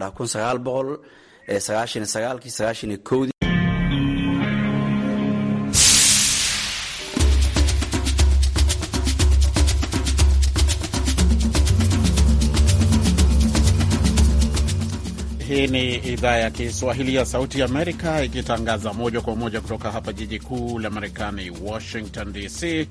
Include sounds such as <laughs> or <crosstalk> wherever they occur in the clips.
Ee Hii ni idhaa ya Kiswahili ya Sauti ya Amerika ikitangaza moja kwa moja kutoka hapa jiji kuu la Marekani, Washington DC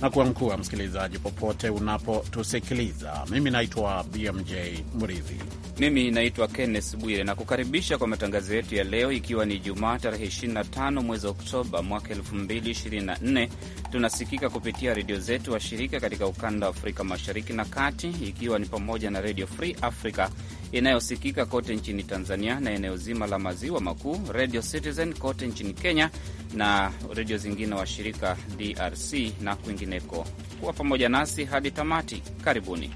na wa msikilizaji, popote unapotusikiliza. Mimi naitwa BMJ Mridhi. Mimi naitwa Kenneth Bwire na kukaribisha kwa matangazo yetu ya leo, ikiwa ni Jumaa tarehe 25 mwezi Oktoba mwaka 2024. Tunasikika kupitia redio zetu washirika katika ukanda wa Afrika mashariki na kati, ikiwa ni pamoja na Redio Free Africa inayosikika kote nchini Tanzania na eneo zima la maziwa makuu, Radio Citizen kote nchini Kenya na redio zingine wa shirika DRC na kwingineko. Kuwa pamoja nasi hadi tamati. Karibuni.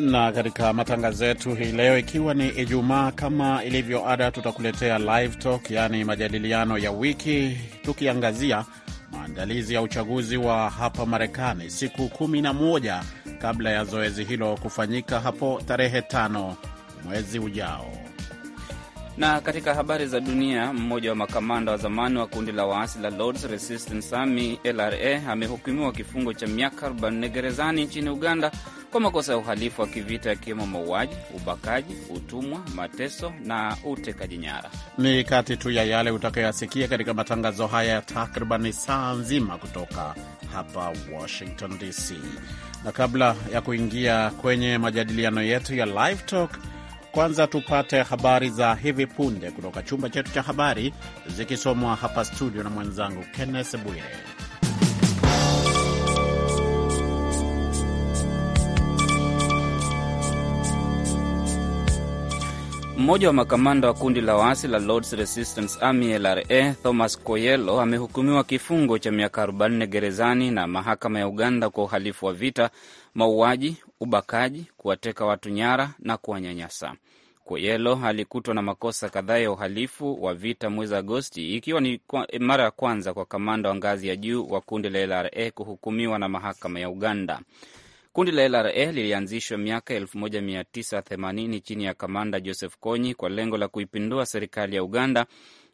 na katika matangazo yetu hii leo, ikiwa ni Ijumaa, kama ilivyo ada, tutakuletea live talk, yaani majadiliano ya wiki, tukiangazia maandalizi ya uchaguzi wa hapa Marekani, siku 11 kabla ya zoezi hilo kufanyika hapo tarehe tano mwezi ujao. Na katika habari za dunia, mmoja wa makamanda wa zamani wa kundi la waasi la Lords Resistance Army LRA amehukumiwa kifungo cha miaka 40 gerezani nchini Uganda kwa makosa ya uhalifu wa kivita yakiwemo mauaji, ubakaji, utumwa, mateso na utekaji nyara. Ni kati tu ya yale utakayoyasikia katika matangazo haya ya takribani saa nzima kutoka hapa Washington DC, na kabla ya kuingia kwenye majadiliano yetu ya Live Talk kwanza tupate habari za hivi punde kutoka chumba chetu cha habari zikisomwa hapa studio na mwenzangu Kenneth Bwire. Mmoja wa makamanda wa kundi la waasi la Lords Resistance Army LRA Thomas Koyelo amehukumiwa kifungo cha miaka 40 gerezani na mahakama ya Uganda kwa uhalifu wa vita, mauaji, ubakaji, kuwateka watu nyara na kuwanyanyasa. Kuyelo alikutwa na makosa kadhaa ya uhalifu wa vita mwezi Agosti, ikiwa ni mara ya kwanza kwa kamanda wa ngazi ya juu wa kundi la LRA kuhukumiwa na mahakama ya Uganda. Kundi la LRA lilianzishwa miaka 1980 chini ya kamanda Joseph Kony kwa lengo la kuipindua serikali ya Uganda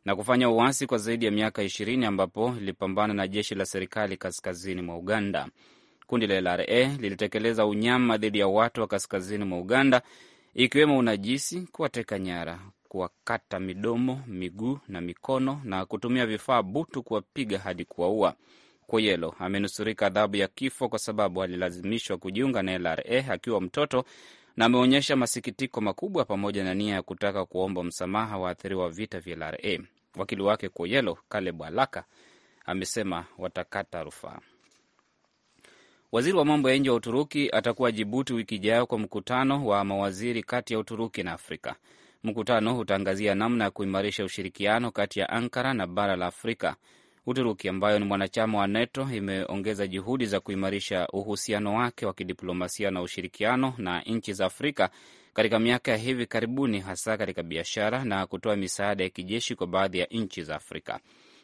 na kufanya uasi kwa zaidi ya miaka 20 ambapo lilipambana na jeshi la serikali kaskazini mwa Uganda. Kundi la LRA lilitekeleza unyama dhidi ya watu wa kaskazini mwa Uganda, ikiwemo unajisi, kuwateka nyara, kuwakata midomo, miguu na mikono na kutumia vifaa butu kuwapiga hadi kuwaua. Koyelo amenusurika adhabu ya kifo kwa sababu alilazimishwa kujiunga na LRA akiwa mtoto na ameonyesha masikitiko makubwa pamoja na nia ya kutaka kuomba msamaha waathiriwa wa vita vya LRA. Wakili wake Koyelo, Kaleb Alaka, amesema watakata rufaa. Waziri wa mambo ya nje wa Uturuki atakuwa Jibuti wiki ijayo kwa mkutano wa mawaziri kati ya Uturuki na Afrika. Mkutano utaangazia namna ya kuimarisha ushirikiano kati ya Ankara na bara la Afrika. Uturuki ambayo ni mwanachama wa NATO imeongeza juhudi za kuimarisha uhusiano wake wa kidiplomasia na ushirikiano na nchi za Afrika katika miaka ya hivi karibuni, hasa katika biashara na kutoa misaada ya kijeshi kwa baadhi ya nchi za Afrika.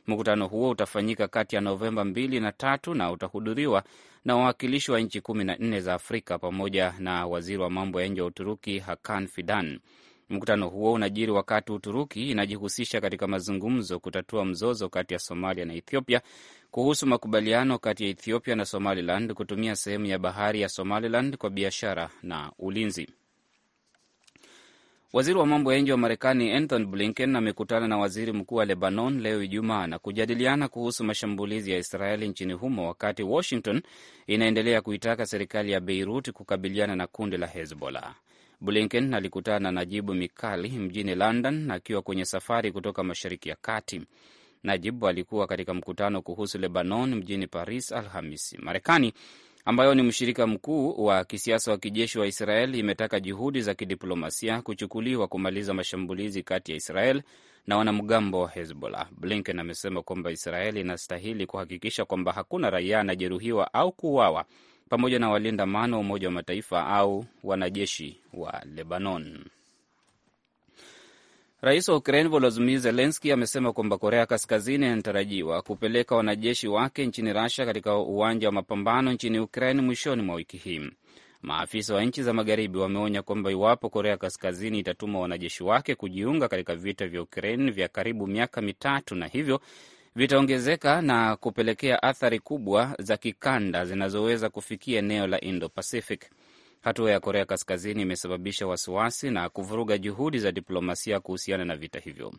Mkutano huo utafanyika kati ya Novemba mbili na tatu na utahudhuriwa na wawakilishi wa nchi kumi na nne za Afrika pamoja na waziri wa mambo ya nje wa Uturuki Hakan Fidan. Mkutano huo unajiri wakati Uturuki inajihusisha katika mazungumzo kutatua mzozo kati ya Somalia na Ethiopia kuhusu makubaliano kati ya Ethiopia na Somaliland kutumia sehemu ya bahari ya Somaliland kwa biashara na ulinzi. Waziri wa mambo ya nje wa Marekani Anthony Blinken amekutana na waziri mkuu wa Lebanon leo Ijumaa na kujadiliana kuhusu mashambulizi ya Israeli nchini humo, wakati Washington inaendelea kuitaka serikali ya Beirut kukabiliana na kundi la Hezbollah. Blinken alikutana na Najibu Mikali mjini London akiwa kwenye safari kutoka Mashariki ya Kati. Najibu alikuwa katika mkutano kuhusu Lebanon mjini Paris Alhamisi. Marekani ambayo ni mshirika mkuu wa kisiasa wa kijeshi wa Israel imetaka juhudi za kidiplomasia kuchukuliwa kumaliza mashambulizi kati ya Israel na wanamgambo wa Hezbollah. Blinken amesema kwamba Israel inastahili kuhakikisha kwamba hakuna raia anajeruhiwa au kuuawa, pamoja na walinda amani wa Umoja wa Mataifa au wanajeshi wa Lebanon. Rais wa Ukraine Volodymyr Zelenski amesema kwamba Korea Kaskazini inatarajiwa kupeleka wanajeshi wake nchini rusia katika uwanja wa mapambano nchini Ukraine mwishoni mwa wiki hii. Maafisa wa nchi za magharibi wameonya kwamba iwapo Korea Kaskazini itatuma wanajeshi wake kujiunga katika vita vya Ukraine vya karibu miaka mitatu, na hivyo vitaongezeka na kupelekea athari kubwa za kikanda zinazoweza kufikia eneo la Indo Pacific. Hatua ya Korea Kaskazini imesababisha wasiwasi na kuvuruga juhudi za diplomasia kuhusiana na vita hivyo.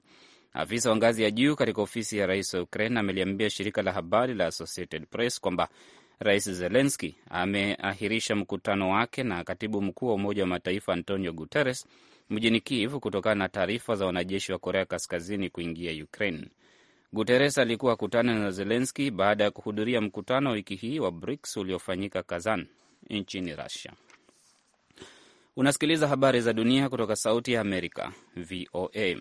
Afisa wa ngazi ya juu katika ofisi ya rais wa Ukraine ameliambia shirika la habari la Associated Press kwamba Rais Zelenski ameahirisha mkutano wake na katibu mkuu wa Umoja wa Mataifa Antonio Guterres mjini Kiev kutokana na taarifa za wanajeshi wa Korea Kaskazini kuingia Ukraine. Guterres alikuwa akutana na Zelenski baada ya kuhudhuria mkutano wiki hii wa BRICS uliofanyika Kazan nchini Russia. Unasikiliza habari za dunia kutoka Sauti ya Amerika, VOA.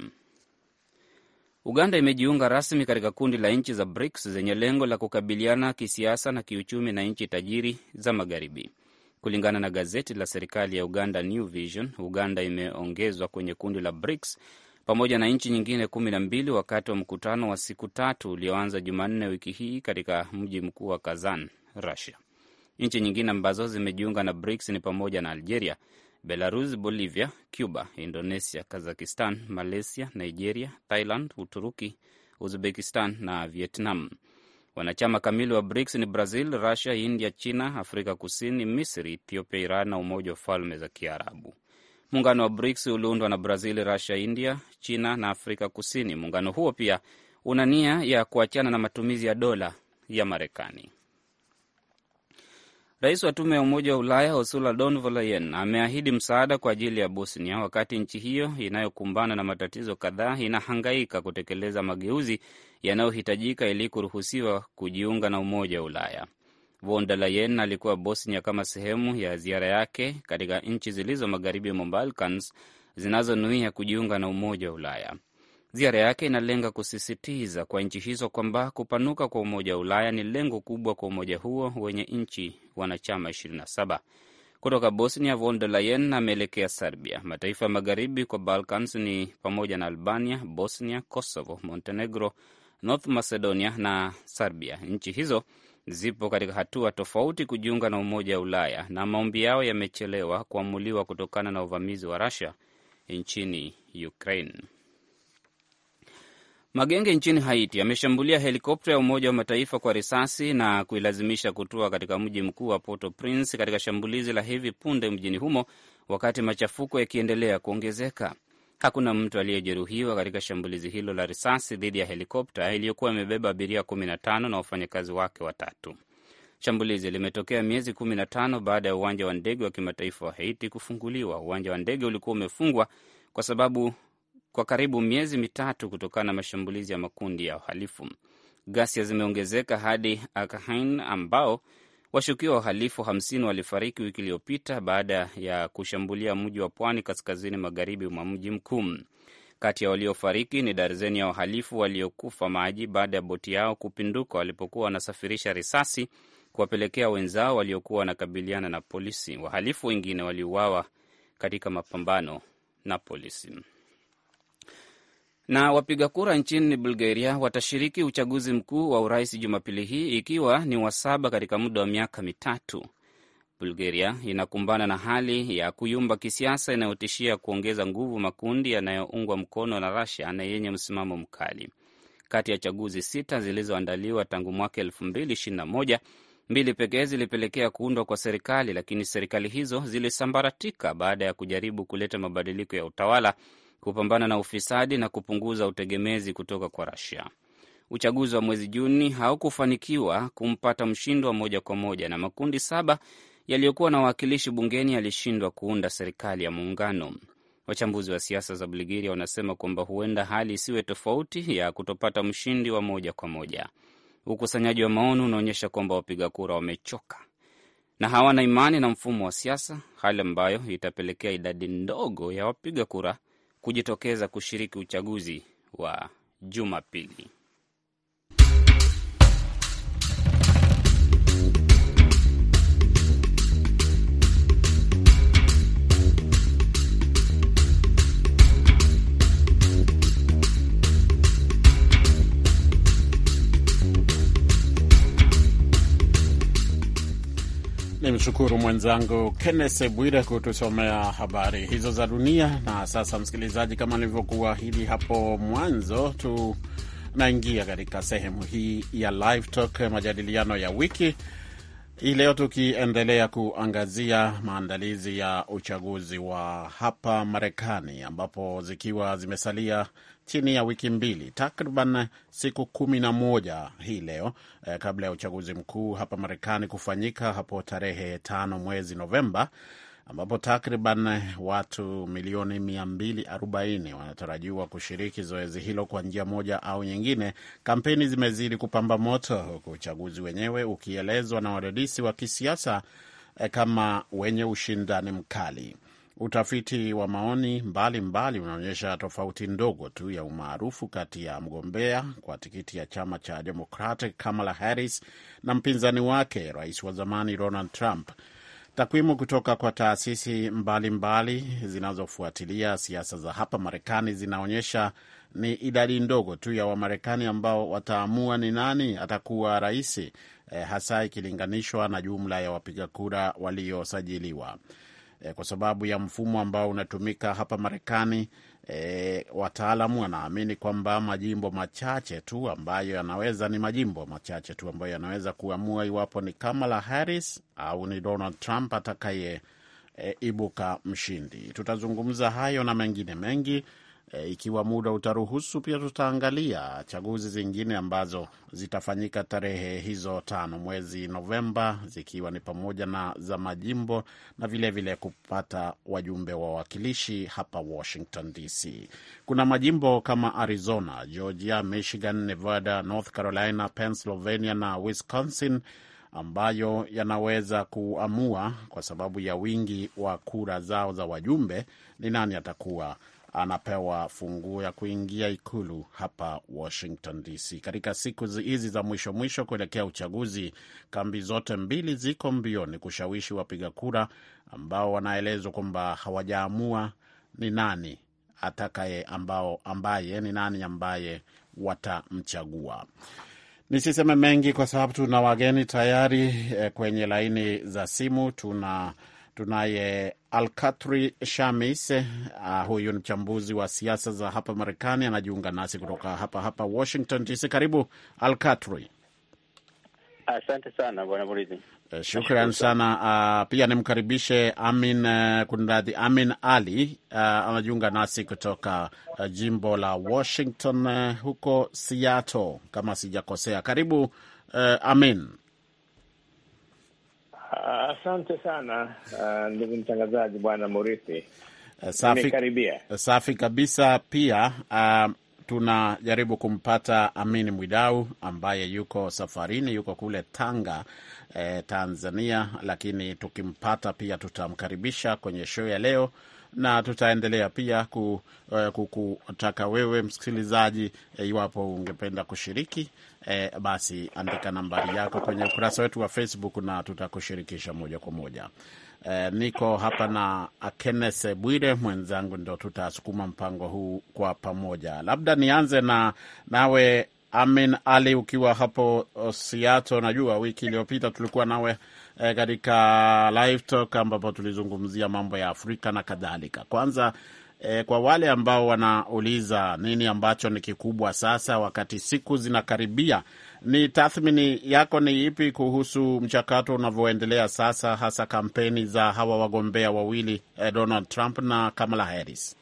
Uganda imejiunga rasmi katika kundi la nchi za BRICS zenye lengo la kukabiliana kisiasa na kiuchumi na nchi tajiri za Magharibi. Kulingana na gazeti la serikali ya Uganda New Vision, Uganda imeongezwa kwenye kundi la BRICS pamoja na nchi nyingine kumi na mbili wakati wa mkutano wa siku tatu ulioanza Jumanne wiki hii katika mji mkuu wa Kazan, Russia. Nchi nyingine ambazo zimejiunga na BRICS ni pamoja na Algeria, Belarus, Bolivia, Cuba, Indonesia, Kazakistan, Malaysia, Nigeria, Thailand, Uturuki, Uzbekistan na Vietnam. Wanachama kamili wa BRICS ni Brazil, Rusia, India, China, Afrika Kusini, Misri, Ethiopia, Iran na Umoja wa Falme za Kiarabu. Muungano wa BRICS uliundwa na Brazil, Rusia, India, China na Afrika Kusini. Muungano huo pia una nia ya kuachana na matumizi ya dola ya Marekani. Rais wa tume ya Umoja wa Ulaya Ursula von der Leyen ameahidi msaada kwa ajili ya Bosnia wakati nchi hiyo inayokumbana na matatizo kadhaa inahangaika kutekeleza mageuzi yanayohitajika ili kuruhusiwa kujiunga na Umoja wa Ulaya. Von der Leyen alikuwa Bosnia kama sehemu ya ziara yake katika nchi zilizo magharibi mwa Balkans zinazonuia kujiunga na Umoja wa Ulaya. Ziara yake inalenga kusisitiza kwa nchi hizo kwamba kupanuka kwa Umoja wa Ulaya ni lengo kubwa kwa umoja huo wenye nchi wanachama 27. Kutoka Bosnia, von der Leyen ameelekea Serbia. Mataifa ya magharibi kwa Balkans ni pamoja na Albania, Bosnia, Kosovo, Montenegro, North Macedonia na Serbia. Nchi hizo zipo katika hatua tofauti kujiunga na Umoja wa Ulaya na maombi yao yamechelewa kuamuliwa kutokana na uvamizi wa rusia nchini Ukraine. Magenge nchini Haiti yameshambulia helikopta ya Umoja wa Mataifa kwa risasi na kuilazimisha kutua katika mji mkuu wa Porto prince katika shambulizi la hivi punde mjini humo, wakati machafuko yakiendelea kuongezeka. Hakuna mtu aliyejeruhiwa katika shambulizi hilo la risasi dhidi ya helikopta iliyokuwa imebeba abiria 15 na wafanyakazi wake watatu. Shambulizi limetokea miezi 15 baada ya uwanja wa ndege wa kimataifa wa Haiti kufunguliwa. Uwanja wa ndege ulikuwa umefungwa kwa sababu kwa karibu miezi mitatu kutokana na mashambulizi ya makundi ya uhalifu. Ghasia zimeongezeka hadi Akhain ambao washukiwa wahalifu 50 walifariki wiki iliyopita baada ya kushambulia mji wa pwani kaskazini magharibi mwa mji mkuu. Kati ya waliofariki ni darzeni ya wahalifu waliokufa maji baada ya boti yao kupinduka walipokuwa wanasafirisha risasi kuwapelekea wenzao waliokuwa wanakabiliana na polisi. Wahalifu wengine waliuawa katika mapambano na polisi. Na wapiga kura nchini Bulgaria watashiriki uchaguzi mkuu wa urais Jumapili hii ikiwa ni wa saba katika muda wa miaka mitatu. Bulgaria inakumbana na hali ya kuyumba kisiasa inayotishia kuongeza nguvu makundi yanayoungwa mkono na rusia na yenye msimamo mkali. Kati ya chaguzi sita zilizoandaliwa tangu mwaka elfu mbili ishirini na moja, mbili pekee zilipelekea kuundwa kwa serikali, lakini serikali hizo zilisambaratika baada ya kujaribu kuleta mabadiliko ya utawala kupambana na ufisadi na kupunguza utegemezi kutoka kwa rasia Uchaguzi wa mwezi Juni haukufanikiwa kumpata mshindi wa moja kwa moja, na makundi saba yaliyokuwa na wawakilishi bungeni yalishindwa kuunda serikali ya muungano. Wachambuzi wa siasa za Bulgaria wanasema kwamba huenda hali isiwe tofauti ya kutopata mshindi wa moja kwa moja. Ukusanyaji wa maoni unaonyesha kwamba wapiga kura wamechoka na hawana imani na mfumo wa siasa, hali ambayo itapelekea idadi ndogo ya wapiga kura kujitokeza kushiriki uchaguzi wa Jumapili. Ni mshukuru mwenzangu Kennes Bwire kutusomea habari hizo za dunia. Na sasa, msikilizaji, kama nilivyokuahidi hapo mwanzo, tunaingia katika sehemu hii ya Live Talk, majadiliano ya wiki hii leo, tukiendelea kuangazia maandalizi ya uchaguzi wa hapa Marekani, ambapo zikiwa zimesalia chini ya wiki mbili, takriban siku kumi na moja hii leo eh, kabla ya uchaguzi mkuu hapa Marekani kufanyika hapo tarehe tano mwezi Novemba ambapo takriban watu milioni 240 wanatarajiwa kushiriki zoezi hilo kwa njia moja au nyingine. Kampeni zimezidi kupamba moto, huku uchaguzi wenyewe ukielezwa na wadadisi wa kisiasa eh, kama wenye ushindani mkali. Utafiti wa maoni mbalimbali unaonyesha tofauti ndogo tu ya umaarufu kati ya mgombea kwa tikiti ya chama cha Democratic Kamala Harris na mpinzani wake rais wa zamani Donald Trump. Takwimu kutoka kwa taasisi mbalimbali zinazofuatilia siasa za hapa Marekani zinaonyesha ni idadi ndogo tu ya Wamarekani ambao wataamua ni nani atakuwa rais, eh, hasa ikilinganishwa na jumla ya wapiga kura waliosajiliwa e, kwa sababu ya mfumo ambao unatumika hapa Marekani. E, wataalamu wanaamini kwamba majimbo machache tu ambayo yanaweza ni majimbo machache tu ambayo yanaweza kuamua iwapo ni Kamala Harris au ni Donald Trump atakaye e, ibuka mshindi. Tutazungumza hayo na mengine mengi E, ikiwa muda utaruhusu pia tutaangalia chaguzi zingine ambazo zitafanyika tarehe hizo tano mwezi Novemba, zikiwa ni pamoja na za majimbo na vilevile vile kupata wajumbe wa wawakilishi hapa Washington DC. Kuna majimbo kama Arizona, Georgia, Michigan, Nevada, North Carolina, Pennsylvania na Wisconsin ambayo yanaweza kuamua kwa sababu ya wingi wa kura zao za wajumbe ni nani atakuwa anapewa funguo ya kuingia ikulu hapa Washington DC. Katika siku hizi za mwisho mwisho kuelekea uchaguzi, kambi zote mbili ziko mbioni kushawishi wapiga kura ambao wanaelezwa kwamba hawajaamua ni nani atakaye ambao ambaye ni nani ambaye watamchagua. Nisiseme mengi kwa sababu tuna wageni tayari eh, kwenye laini za simu. Tuna Tunaye Alkatri Shamis. Uh, huyu ni mchambuzi wa siasa za hapa Marekani, anajiunga nasi kutoka hapa hapa Washington DC. Karibu Alkatri. Asante sana bwana Murithi. Eh, shukran sana uh, pia nimkaribishe Amin uh, kunradhi, Amin Ali uh, anajiunga nasi kutoka uh, jimbo la Washington uh, huko Seattle kama sijakosea. Karibu uh, Amin. Ah, asante sana ah, ndugu mtangazaji bwana Murithi. Eh, safi, eh, safi kabisa. Pia uh, tunajaribu kumpata amin Mwidau ambaye yuko safarini, yuko kule Tanga eh, Tanzania, lakini tukimpata pia tutamkaribisha kwenye show ya leo na tutaendelea pia kukutaka eh, wewe msikilizaji, eh, iwapo ungependa kushiriki e, basi andika nambari yako kwenye ukurasa wetu wa Facebook na tutakushirikisha moja kwa moja. E, niko hapa na Kenneth Bwire mwenzangu, ndo tutasukuma mpango huu kwa pamoja. Labda nianze na nawe Amin Ali, ukiwa hapo Seattle. Najua wiki iliyopita tulikuwa nawe Eh, katika live talk ambapo tulizungumzia mambo ya Afrika na kadhalika. Kwanza e, kwa wale ambao wanauliza nini ambacho ni kikubwa sasa wakati siku zinakaribia, ni tathmini yako ni ipi kuhusu mchakato unavyoendelea sasa, hasa kampeni za hawa wagombea wawili eh, Donald Trump na Kamala Harris?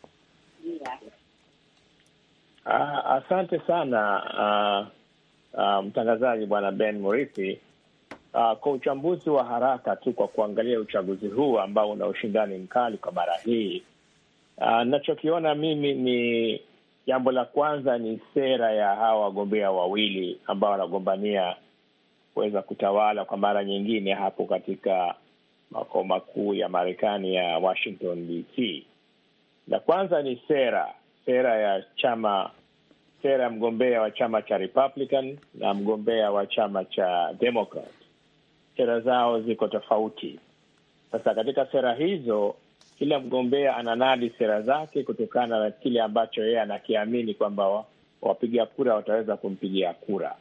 Ah, asante sana ah, ah, mtangazaji Bwana Ben Murithi. Uh, kwa uchambuzi wa haraka tu kwa kuangalia uchaguzi huu ambao una ushindani mkali kwa mara hii, ah, nachokiona mimi ni jambo la kwanza ni sera ya hawa wagombea wawili ambao wanagombania kuweza kutawala kwa mara nyingine hapo katika makao makuu ya Marekani ya Washington DC. La kwanza ni sera sera ya chama sera ya mgombea wa chama cha Republican na mgombea wa chama cha Democrat sera zao ziko tofauti. Sasa katika sera hizo, kila mgombea ananadi sera zake kutokana na kile ambacho yeye anakiamini kwamba wapiga kura wataweza kumpigia kura.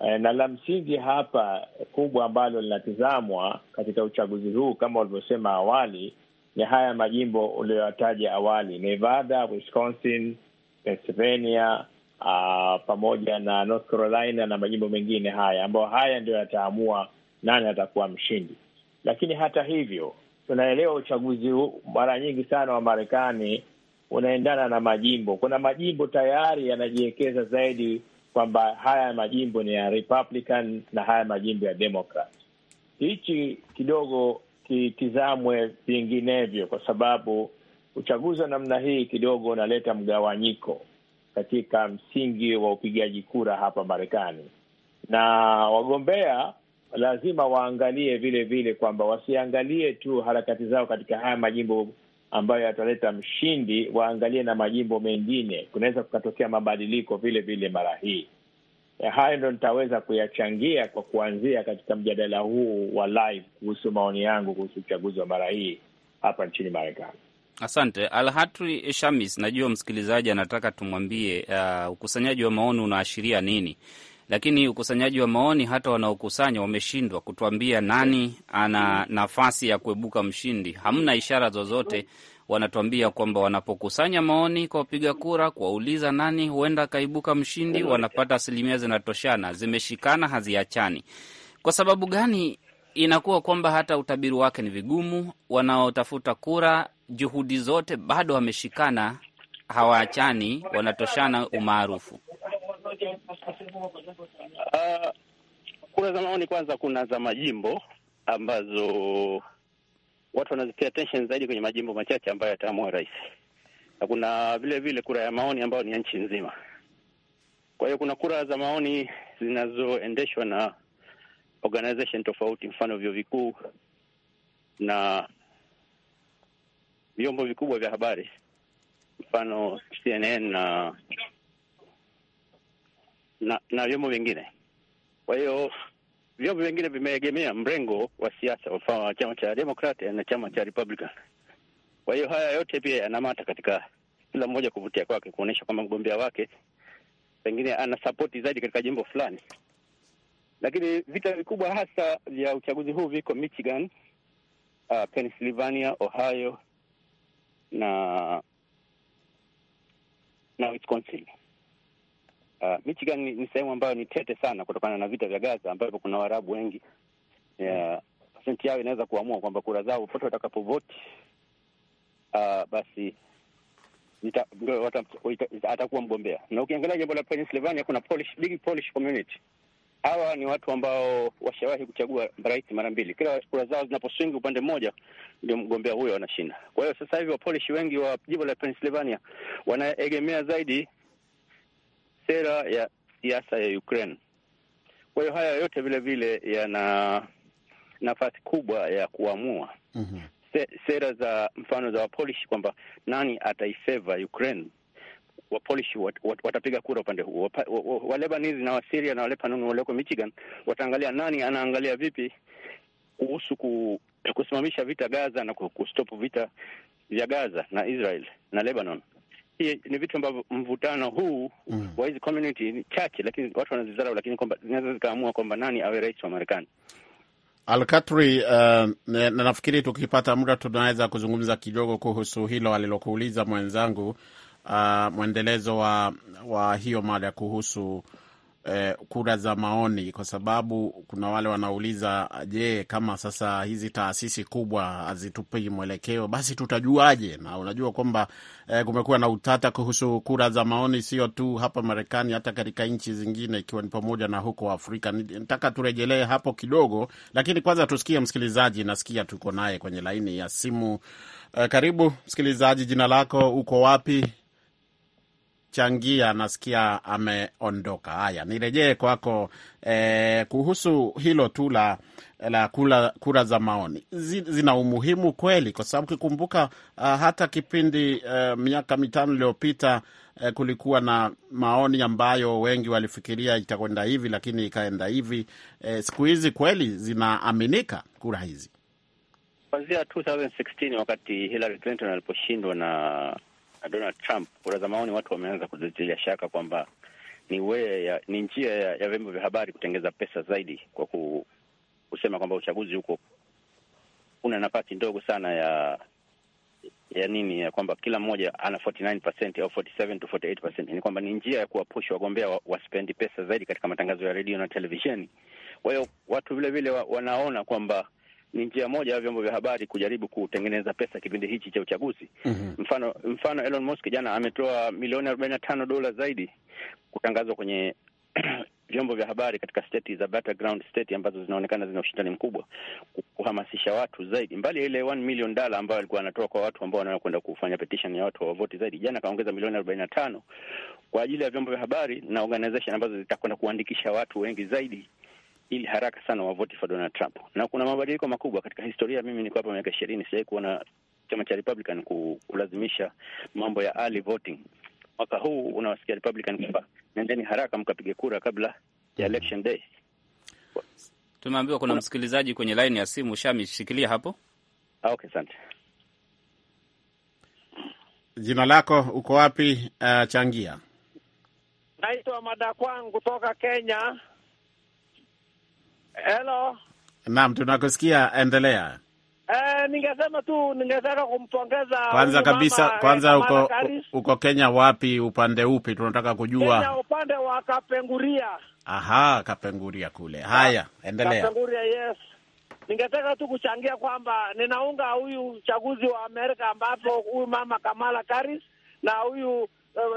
E, na la msingi hapa kubwa ambalo linatizamwa katika uchaguzi huu kama ulivyosema awali ni haya majimbo uliyoyataja awali: Nevada, Wisconsin, Pennsylvania, uh, pamoja na North Carolina na majimbo mengine haya ambayo haya ndio yataamua nani atakuwa mshindi. Lakini hata hivyo, tunaelewa uchaguzi huu mara nyingi sana wa Marekani unaendana na majimbo. Kuna majimbo tayari yanajiwekeza zaidi kwamba haya majimbo ni ya Republican na haya majimbo ya Democrat. Hichi kidogo kitizamwe vinginevyo, kwa sababu uchaguzi wa namna hii kidogo unaleta mgawanyiko katika msingi wa upigaji kura hapa Marekani, na wagombea lazima waangalie vile vile kwamba wasiangalie tu harakati zao katika haya majimbo ambayo yataleta mshindi, waangalie na majimbo mengine, kunaweza kukatokea mabadiliko vile vile mara hii. E, hayo ndo nitaweza kuyachangia kwa kuanzia katika mjadala huu wa live kuhusu maoni yangu kuhusu uchaguzi wa mara hii hapa nchini Marekani. Asante Alhatri Shamis, najua msikilizaji anataka tumwambie, uh, ukusanyaji wa maoni unaashiria nini? lakini ukusanyaji wa maoni, hata wanaokusanya wameshindwa kutuambia nani ana nafasi ya kuibuka mshindi. Hamna ishara zozote wanatuambia kwamba wanapokusanya maoni kwa wapiga kura kuwauliza nani huenda akaibuka mshindi, wanapata asilimia zinatoshana, zimeshikana, haziachani. Kwa sababu gani inakuwa kwamba hata utabiri wake ni vigumu? Wanaotafuta kura juhudi zote bado wameshikana, hawaachani, wanatoshana umaarufu. Uh, kura za maoni kwanza, kuna za majimbo ambazo watu wanazitia attention zaidi kwenye majimbo machache ambayo yataamua rais, na kuna vile vile kura ya maoni ambayo ni ya nchi nzima. Kwa hiyo kuna kura za maoni zinazoendeshwa na organization tofauti, mfano vyuo vikuu na vyombo vikubwa vya habari, mfano CNN na na na vyombo vingine. Kwa hiyo vyombo vingine vimeegemea mrengo wa siasa, mfano chama cha Democrat na chama cha Republican. Kwa hiyo haya yote pia yanamata katika kila mmoja kuvutia kwake, kuonyesha kwamba mgombea wake pengine ana sapoti zaidi katika jimbo fulani. Lakini vita vikubwa hasa vya uchaguzi huu viko Michigan, uh, Pennsylvania, Ohio na na Wisconsin. Uh, ah, Michigan ni, ni sehemu ambayo ni tete sana kutokana na vita vya Gaza ambapo kuna Waarabu wengi yeah, senti yao inaweza kuamua kwamba kura zao popote watakapovoti uh, basi atakuwa mgombea. Na ukiangalia jambo la Pennsylvania kuna Polish, big Polish community. Hawa ni watu ambao washawahi kuchagua rais mara mbili, kila kura zao zinaposwingi upande mmoja ndio mgombea huyo anashinda. Kwa hiyo sasa hivi wapolishi wengi wa jimbo la Pennsylvania wanaegemea zaidi sera ya siasa ya Ukraine. Kwa hiyo haya yote vile vile yana nafasi kubwa ya kuamua mm -hmm. Se, sera za mfano za Wapolish kwamba nani ataifeva Ukraine. Wapolish wat, wat, watapiga kura upande huo, Walebanese wa, wa na Wasiria na Walebanoni walioko Michigan wataangalia nani anaangalia vipi kuhusu ku, kusimamisha vita Gaza na kustop vita vya Gaza na Israel na Lebanon si ni vitu ambavyo mvutano huu mm. wa hizi community ni chache, lakini watu wanazizarau, lakini kwamba zinaweza zikaamua kwamba nani awe rais wa Marekani. Alkatri, uh, na nafikiri tukipata muda tunaweza kuzungumza kidogo kuhusu hilo alilokuuliza mwenzangu, uh, mwendelezo wa, wa hiyo mada kuhusu eh, kura za maoni, kwa sababu kuna wale wanauliza, je, kama sasa hizi taasisi kubwa hazitupi mwelekeo, basi tutajuaje? Na unajua kwamba eh, kumekuwa na utata kuhusu kura za maoni, sio tu hapa Marekani, hata katika nchi zingine, ikiwa ni pamoja na huko Afrika. Nataka turejelee hapo kidogo, lakini kwanza tusikie msikilizaji. Nasikia tuko naye kwenye laini ya simu. Eh, karibu msikilizaji, jina lako, uko wapi? changia, nasikia ameondoka. Haya, nirejee kwako eh, kuhusu hilo tu la la kula, kura za maoni zina umuhimu kweli, kwa sababu kikumbuka, uh, ah, hata kipindi uh, miaka mitano iliyopita uh, kulikuwa na maoni ambayo wengi walifikiria itakwenda hivi, lakini ikaenda hivi. Uh, siku hizi kweli zinaaminika kura hizi kuanzia 2016 wakati Hillary Clinton aliposhindwa na Donald Trump, kura za maoni, watu wameanza kuzitilia shaka kwamba ni we ya, ni njia ya, ya vyombo vya habari kutengeza pesa zaidi kwa ku, kusema kwamba uchaguzi huko una nafasi ndogo sana ya ya nini ya kwamba kila mmoja ana 49% au 47 to 48%. Ni kwamba ni njia ya kuwapush wagombea waspendi wa pesa zaidi katika matangazo ya redio na televisheni. Kwa hiyo watu vile vile wa, wanaona kwamba ni njia moja ya vyombo vya habari kujaribu kutengeneza pesa kipindi hichi cha uchaguzi. mm -hmm. Mfano, mfano Elon Musk jana ametoa milioni arobaini na tano dola zaidi kutangazwa kwenye <clears throat> vyombo vya habari katika state za battleground state ambazo zinaonekana zina ushindani mkubwa, kuhamasisha watu zaidi, mbali ile one million dollar ambayo alikuwa anatoa kwa watu ambao wanakwenda kufanya petition ya watu voti zaidi. Jana kaongeza milioni arobaini na tano kwa ajili ya vyombo vya habari na organization ambazo zitakwenda kuandikisha watu wengi zaidi ili haraka sana wavoti for Donald Trump, na kuna mabadiliko makubwa katika historia. Mimi niko hapa miaka ishirini, sijawahi kuona chama cha Republican kulazimisha mambo ya early voting. Mwaka huu unawasikia Republican kwamba nendeni haraka mkapige kura kabla ya election day. Tumeambiwa kuna msikilizaji kwenye laini ya simu, shamshikilia hapo. Ah, okay, asante. Jina lako, uko wapi? Uh, changia. Naitwa Madakwan kutoka Kenya. Hello. Naam, tunakusikia, endelea. Eh, ningesema tu ningetaka kumpongeza kwanza kabisa mama, eh, kwanza uko, uko Kenya wapi, upande upi? Tunataka kujua Kenya, upande wa Kapenguria. Aha, Kapenguria kule. Ah, Haya, endelea. Kapenguria, yes. Ningetaka tu kuchangia kwamba ninaunga huyu uchaguzi wa Amerika ambapo huyu mama Kamala Harris na huyu uh,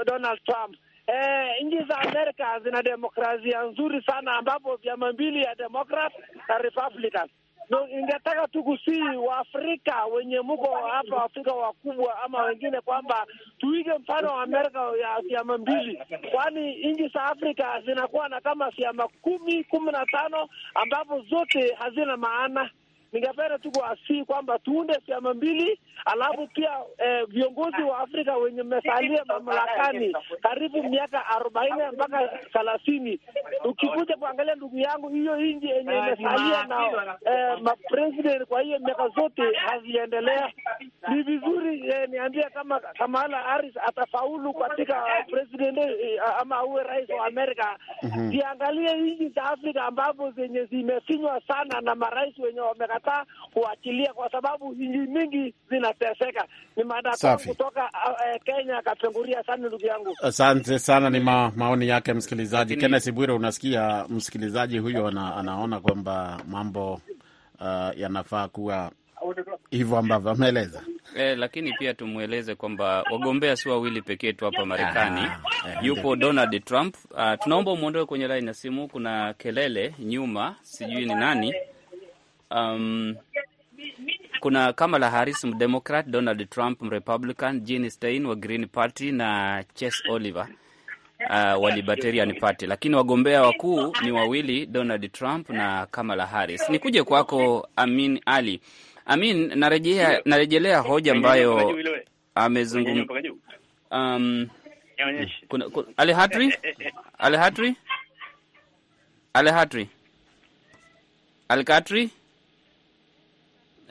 Donald Trump eh, nchi za Amerika zina demokrasia nzuri sana ambapo vyama mbili ya Democrat na Republican No, ingetaka tukusii Waafrika wenye mko hapa Afrika wakubwa ama wengine kwamba tuige mfano wa Amerika ya vyama mbili, kwani nchi za Afrika zinakuwa na kama vyama kumi kumi na tano ambapo zote hazina maana ningependa tu kuwasihi kwamba tuunde vyama mbili, alafu pia eh, viongozi wa Afrika wenye mesalia mamlakani karibu miaka arobaini mpaka thelathini. Ukikuja kuangalia ndugu yangu, hiyo inji yenye imesalia na eh, mapresident kwa hiyo miaka zote haziendelea, ni vizuri eh, niambia kama Kamala Harris atafaulu katika president eh, ama awe rais wa Amerika. Ziangalie mhm. inji za Afrika ambapo zenye zimefinywa sana na marais wenye wameka wanakataa kuachilia kwa sababu nchi mingi zinateseka. Ni madaktari kutoka uh, eh, Kenya. Katenguria sana ndugu yangu, asante sana. Ni ma, maoni yake msikilizaji Kenneth Bwire. Unasikia msikilizaji huyo ana, anaona kwamba mambo uh, yanafaa kuwa hivyo ambavyo ameeleza eh, lakini pia tumweleze kwamba wagombea si wawili pekee tu hapa Marekani. Ah, eh, yupo Donald Trump. Uh, tunaomba umwondoe kwenye laini ya simu, kuna kelele nyuma, sijui ni nani um, kuna Kamala Harris mdemokrat, Donald Trump mrepublican, Jean Stein wa Green Party na Chase Oliver uh, wa Libertarian Party, lakini wagombea wakuu ni wawili, Donald Trump na Kamala Harris. Nikuje kwako Amin Ali. Amin, narejea narejelea hoja ambayo amezungumza um, kuna, kuna, Alehatri Alehatri Alehatri Alkatri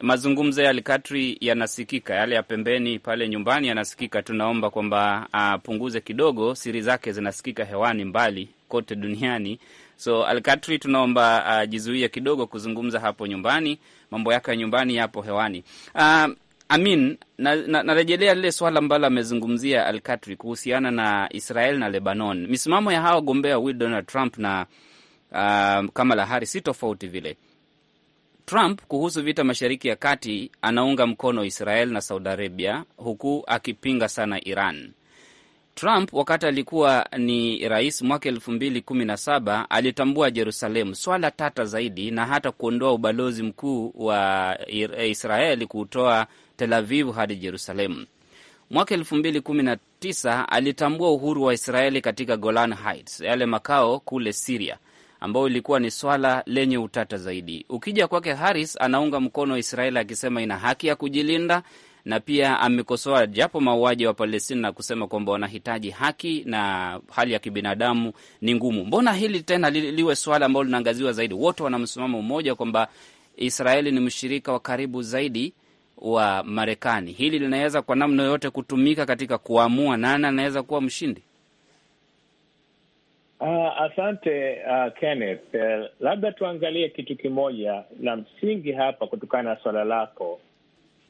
mazungumzo ya Alikatri yanasikika, yale ya pembeni pale nyumbani yanasikika. Tunaomba kwamba apunguze kidogo, siri zake zinasikika hewani mbali kote duniani. So Alkatri, tunaomba ajizuie uh, kidogo kuzungumza hapo nyumbani, mambo yake ya nyumbani yapo hewani. A, uh, Amin, narejelea na, na lile swala ambalo amezungumzia Alkatri kuhusiana na Israel na Lebanon. Misimamo ya hawa wagombea wawili Donald Trump na uh, Kamala Harris si tofauti vile Trump kuhusu vita Mashariki ya Kati anaunga mkono Israel na Saudi Arabia, huku akipinga sana Iran. Trump wakati alikuwa ni rais mwaka elfu mbili kumi na saba alitambua Jerusalemu, swala tata zaidi, na hata kuondoa ubalozi mkuu wa Israeli kutoa Tel Avivu hadi Jerusalemu. Mwaka elfu mbili kumi na tisa alitambua uhuru wa Israeli katika Golan Heights, yale makao kule Siria ambayo ilikuwa ni swala lenye utata zaidi. Ukija kwake Harris, anaunga mkono Israeli akisema ina haki ya kujilinda na pia amekosoa japo mauaji wa Palestina na kusema kwamba wanahitaji haki na hali ya kibinadamu ni ngumu. Mbona hili tena li, liwe swala ambalo linaangaziwa zaidi? Wote wana msimamo mmoja kwamba Israeli ni mshirika wa karibu zaidi wa Marekani. Hili linaweza kwa namna yoyote kutumika katika kuamua nani anaweza kuwa mshindi. Uh, asante uh, Kenneth. Uh, labda tuangalie kitu kimoja la msingi hapa, kutokana na swala lako.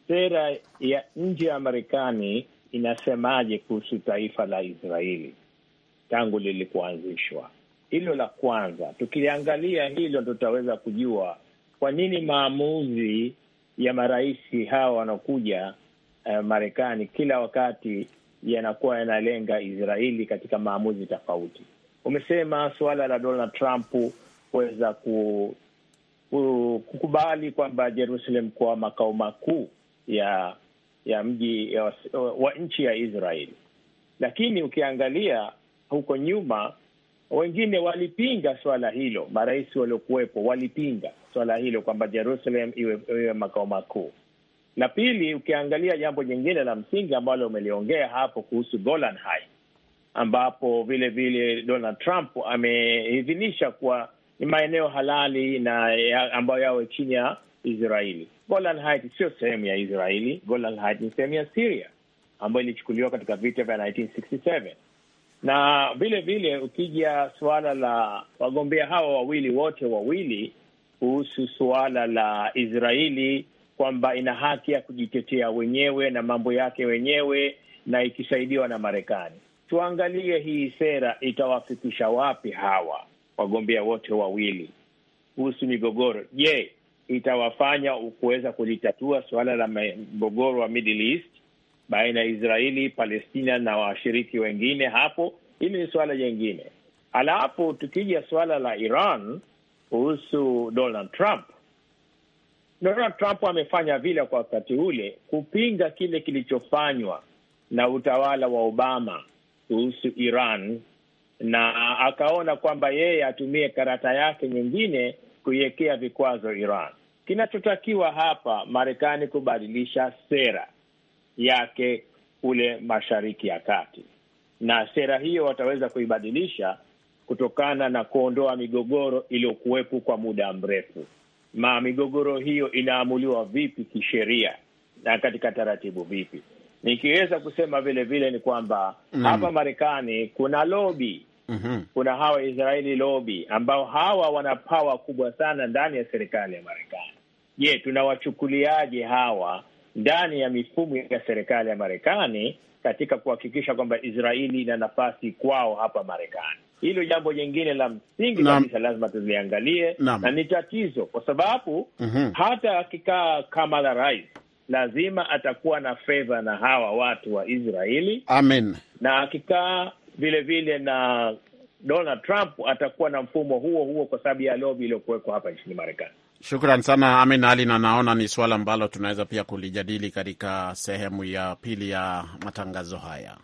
Sera ya nje ya Marekani inasemaje kuhusu taifa la Israeli tangu lilipoanzishwa? Hilo la kwanza. Tukiliangalia hilo, tutaweza kujua kwa nini maamuzi ya maraisi hawa wanaokuja uh, Marekani kila wakati yanakuwa yanalenga Israeli katika maamuzi tofauti umesema suala la Donald Trump kuweza ku, ku, kukubali kwamba Jerusalem kuwa makao makuu ya ya mji ya, wa nchi ya Israel, lakini ukiangalia huko nyuma wengine walipinga swala hilo, marais waliokuwepo walipinga swala hilo kwamba Jerusalem iwe, iwe makao makuu. La pili, ukiangalia jambo jingine la msingi ambalo umeliongea hapo kuhusu Golan Heights ambapo vile vile Donald Trump ameidhinisha kuwa ni maeneo halali na ya ambayo yawe chini ya Israeli. Golan Heights sio sehemu ya Israeli. Golan Heights ni sehemu ya Syria ambayo ilichukuliwa katika vita vya 1967 na vile vile ukija suala la wagombea hawa wawili wote wawili kuhusu suala la Israeli kwamba ina haki ya kujitetea wenyewe na mambo yake wenyewe na ikisaidiwa na Marekani tuangalie hii sera itawafikisha wapi hawa wagombea wote wawili kuhusu migogoro. Je, itawafanya kuweza kulitatua suala la mgogoro wa Middle East baina ya Israeli, Palestina na washiriki wengine hapo? Hili ni suala jengine. Alafu tukija suala la Iran kuhusu Donald Trump, Donald Trump amefanya vile kwa wakati ule kupinga kile kilichofanywa na utawala wa Obama kuhusu Iran na akaona kwamba yeye atumie karata yake nyingine kuiwekea vikwazo Iran. Kinachotakiwa hapa Marekani kubadilisha sera yake kule Mashariki ya Kati, na sera hiyo wataweza kuibadilisha kutokana na kuondoa migogoro iliyokuwepo kwa muda mrefu. Ma migogoro hiyo inaamuliwa vipi kisheria na katika taratibu vipi? nikiweza kusema vile vile ni kwamba mm. hapa Marekani kuna lobi mm -hmm. kuna hawa Israeli lobi ambao hawa wana pawa kubwa sana ndani ya serikali ya Marekani. Je, tunawachukuliaje hawa ndani ya mifumo ya serikali ya Marekani katika kuhakikisha kwamba Israeli ina nafasi kwao hapa Marekani? Hilo jambo jingine la msingi kabisa lazima tuliangalie, na ni tatizo kwa sababu mm -hmm. hata akikaa Kamala rais lazima atakuwa na fedha na hawa watu wa Israeli. Amen. Na akikaa vile vile na Donald Trump atakuwa na mfumo huo huo kwa sababu ya lobi iliyokuwekwa hapa nchini Marekani. Shukran sana Amin Ali, na naona ni suala ambalo tunaweza pia kulijadili katika sehemu ya pili ya matangazo haya.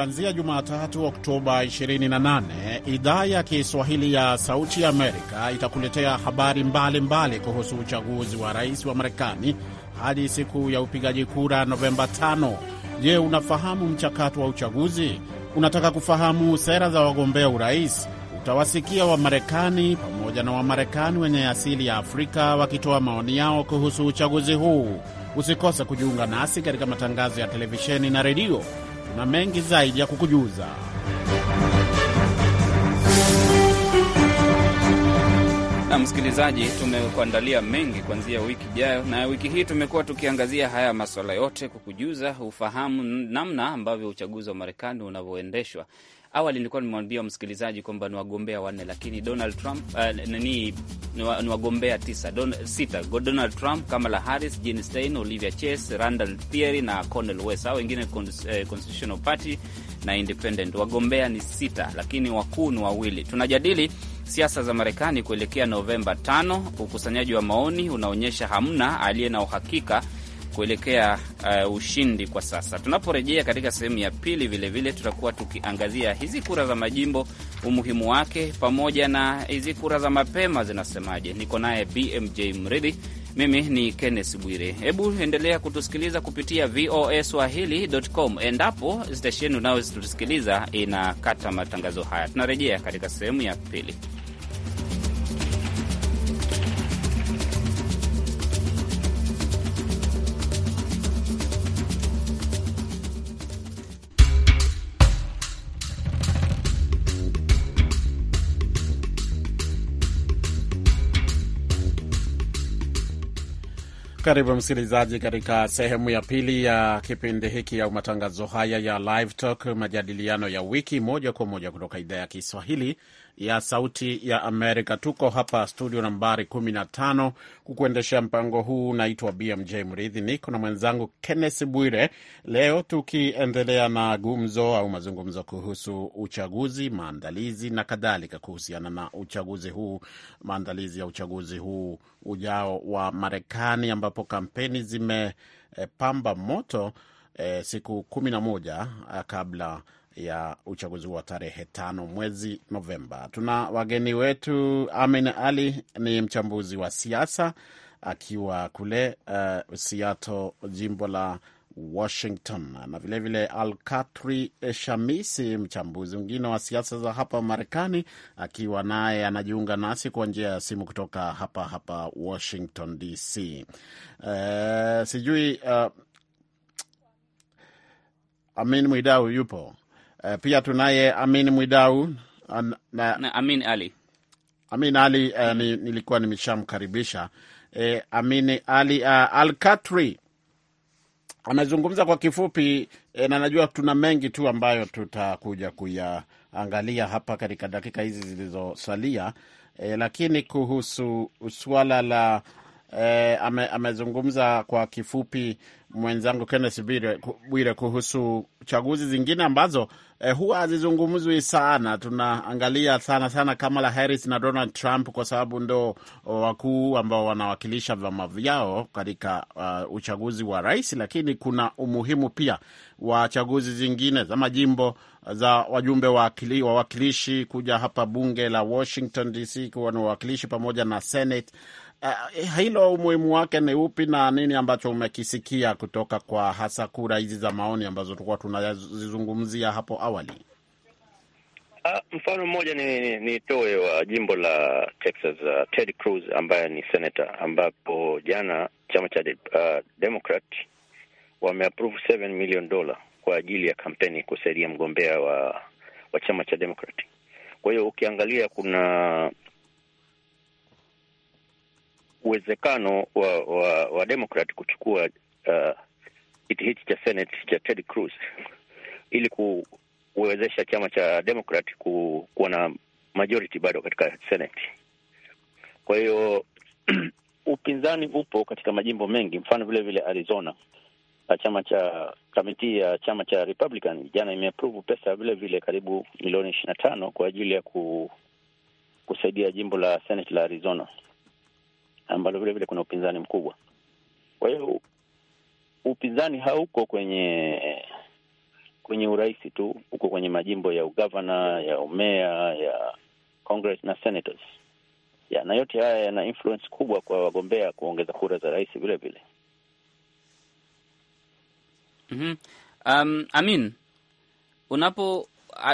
kuanzia Jumatatu Oktoba 28, idhaa ya Kiswahili ya Sauti Amerika itakuletea habari mbalimbali mbali kuhusu uchaguzi wa rais wa Marekani hadi siku ya upigaji kura Novemba 5. Je, unafahamu mchakato wa uchaguzi? Unataka kufahamu sera za wagombea urais? Utawasikia Wamarekani pamoja na Wamarekani wenye asili ya Afrika wakitoa maoni yao kuhusu uchaguzi huu. Usikose kujiunga nasi katika matangazo ya televisheni na redio tuna mengi zaidi ya kukujuza. Na msikilizaji, tumekuandalia mengi kuanzia wiki ijayo, na wiki hii tumekuwa tukiangazia haya maswala yote, kukujuza ufahamu namna ambavyo uchaguzi wa Marekani unavyoendeshwa Awali nilikuwa nimemwambia msikilizaji kwamba ni wagombea wanne, lakini Donald Trump uh, nani, ni wagombea tisa don, sita: Donald Trump, Kamala Harris, Jen Stein, Olivia Chase, Randall Thiery na Cornel West. au wengine eh, Constitutional Party na Independent. Wagombea ni sita, lakini wakuu ni wawili. Tunajadili siasa za Marekani kuelekea Novemba tano. Ukusanyaji wa maoni unaonyesha hamna aliye na uhakika kuelekea uh, ushindi kwa sasa. Tunaporejea katika sehemu ya pili, vilevile tutakuwa tukiangazia hizi kura za majimbo, umuhimu wake, pamoja na hizi kura za mapema zinasemaje. Niko naye BMJ Mridhi, mimi ni Kenneth Bwire. Hebu endelea kutusikiliza kupitia VOA Swahili.com endapo stesheni unayotusikiliza inakata matangazo haya. Tunarejea katika sehemu ya pili. Karibu msikilizaji, katika sehemu ya pili ya kipindi hiki au matangazo haya ya Live Talk, majadiliano ya wiki, moja kwa moja kutoka idhaa ya Kiswahili ya Sauti ya Amerika. Tuko hapa studio nambari 15 kukuendeshea mpango huu. unaitwa BMJ Mridhi, niko na mwenzangu Kenneth Bwire, leo tukiendelea na gumzo au mazungumzo kuhusu uchaguzi, maandalizi na kadhalika, kuhusiana na uchaguzi huu, maandalizi ya uchaguzi huu ujao wa Marekani, ambapo kampeni zimepamba moto e, siku kumi na moja eh, kabla ya uchaguzi wa tarehe tano mwezi Novemba. Tuna wageni wetu, Amin Ali ni mchambuzi wa siasa akiwa kule uh, Seattle, jimbo la Washington, na vilevile Alkatri Shamisi, mchambuzi mwingine wa siasa za hapa Marekani, akiwa naye anajiunga nasi kwa njia ya simu kutoka hapa hapa Washington DC. Uh, sijui uh, Amin Mwidau yupo Uh, pia tunaye Amin Mwidau na, na Amin Ali, Amin Ali uh, ni, nilikuwa nimeshamkaribisha eh, Amin Ali uh, eh, Alkatri amezungumza kwa kifupi eh, na najua tuna mengi tu ambayo tutakuja kuyaangalia hapa katika dakika hizi zilizosalia eh, lakini kuhusu suala la eh, ame, amezungumza kwa kifupi mwenzangu Kenneth Bwire kuhusu chaguzi zingine ambazo eh, huwa hazizungumzwi sana. Tunaangalia sana sana Kamala Harris na Donald Trump kwa sababu ndo wakuu ambao wanawakilisha vyama vyao katika uh, uchaguzi wa rais, lakini kuna umuhimu pia wa chaguzi zingine za majimbo uh, za wajumbe wakili, wawakilishi kuja hapa bunge la Washington DC kuwa ni wawakilishi pamoja na Senate uh, hilo umuhimu wake ni upi na nini ambacho umekisikia kutoka kwa hasa kura hizi za maoni ambazo tulikuwa tunazizungumzia hapo awali? Uh, mfano mmoja nitoe ni, ni wa jimbo la Texas uh, Ted Cruz ambaye ni senator, ambapo jana chama cha de, uh, Democrat wameapprove 7 million dollar kwa ajili ya kampeni kusaidia mgombea wa wa chama cha Democrat. Kwa hiyo ukiangalia kuna uwezekano wa, wa, wa Demokrat kuchukua uh, kiti hichi cha Senate cha Ted Cruz ili kuwezesha chama cha Demokrat ku, kuwa na majority bado katika Senate. Kwa hiyo <clears throat> upinzani upo katika majimbo mengi, mfano vile vile Arizona, chama cha kamiti ya chama cha Republican jana imeaprovu pesa vile vile karibu milioni ishirini na tano kwa ajili ya ku, kusaidia jimbo la Senate la Arizona ambalo vilevile kuna upinzani mkubwa. Kwa hiyo upinzani hauko kwenye kwenye urais tu, uko kwenye majimbo ya ugavana, ya umea, ya Congress na senators ya, na yote haya yana influence kubwa kwa wagombea kuongeza kura za rais vile vile. Mm -hmm. Um, Amin, unapo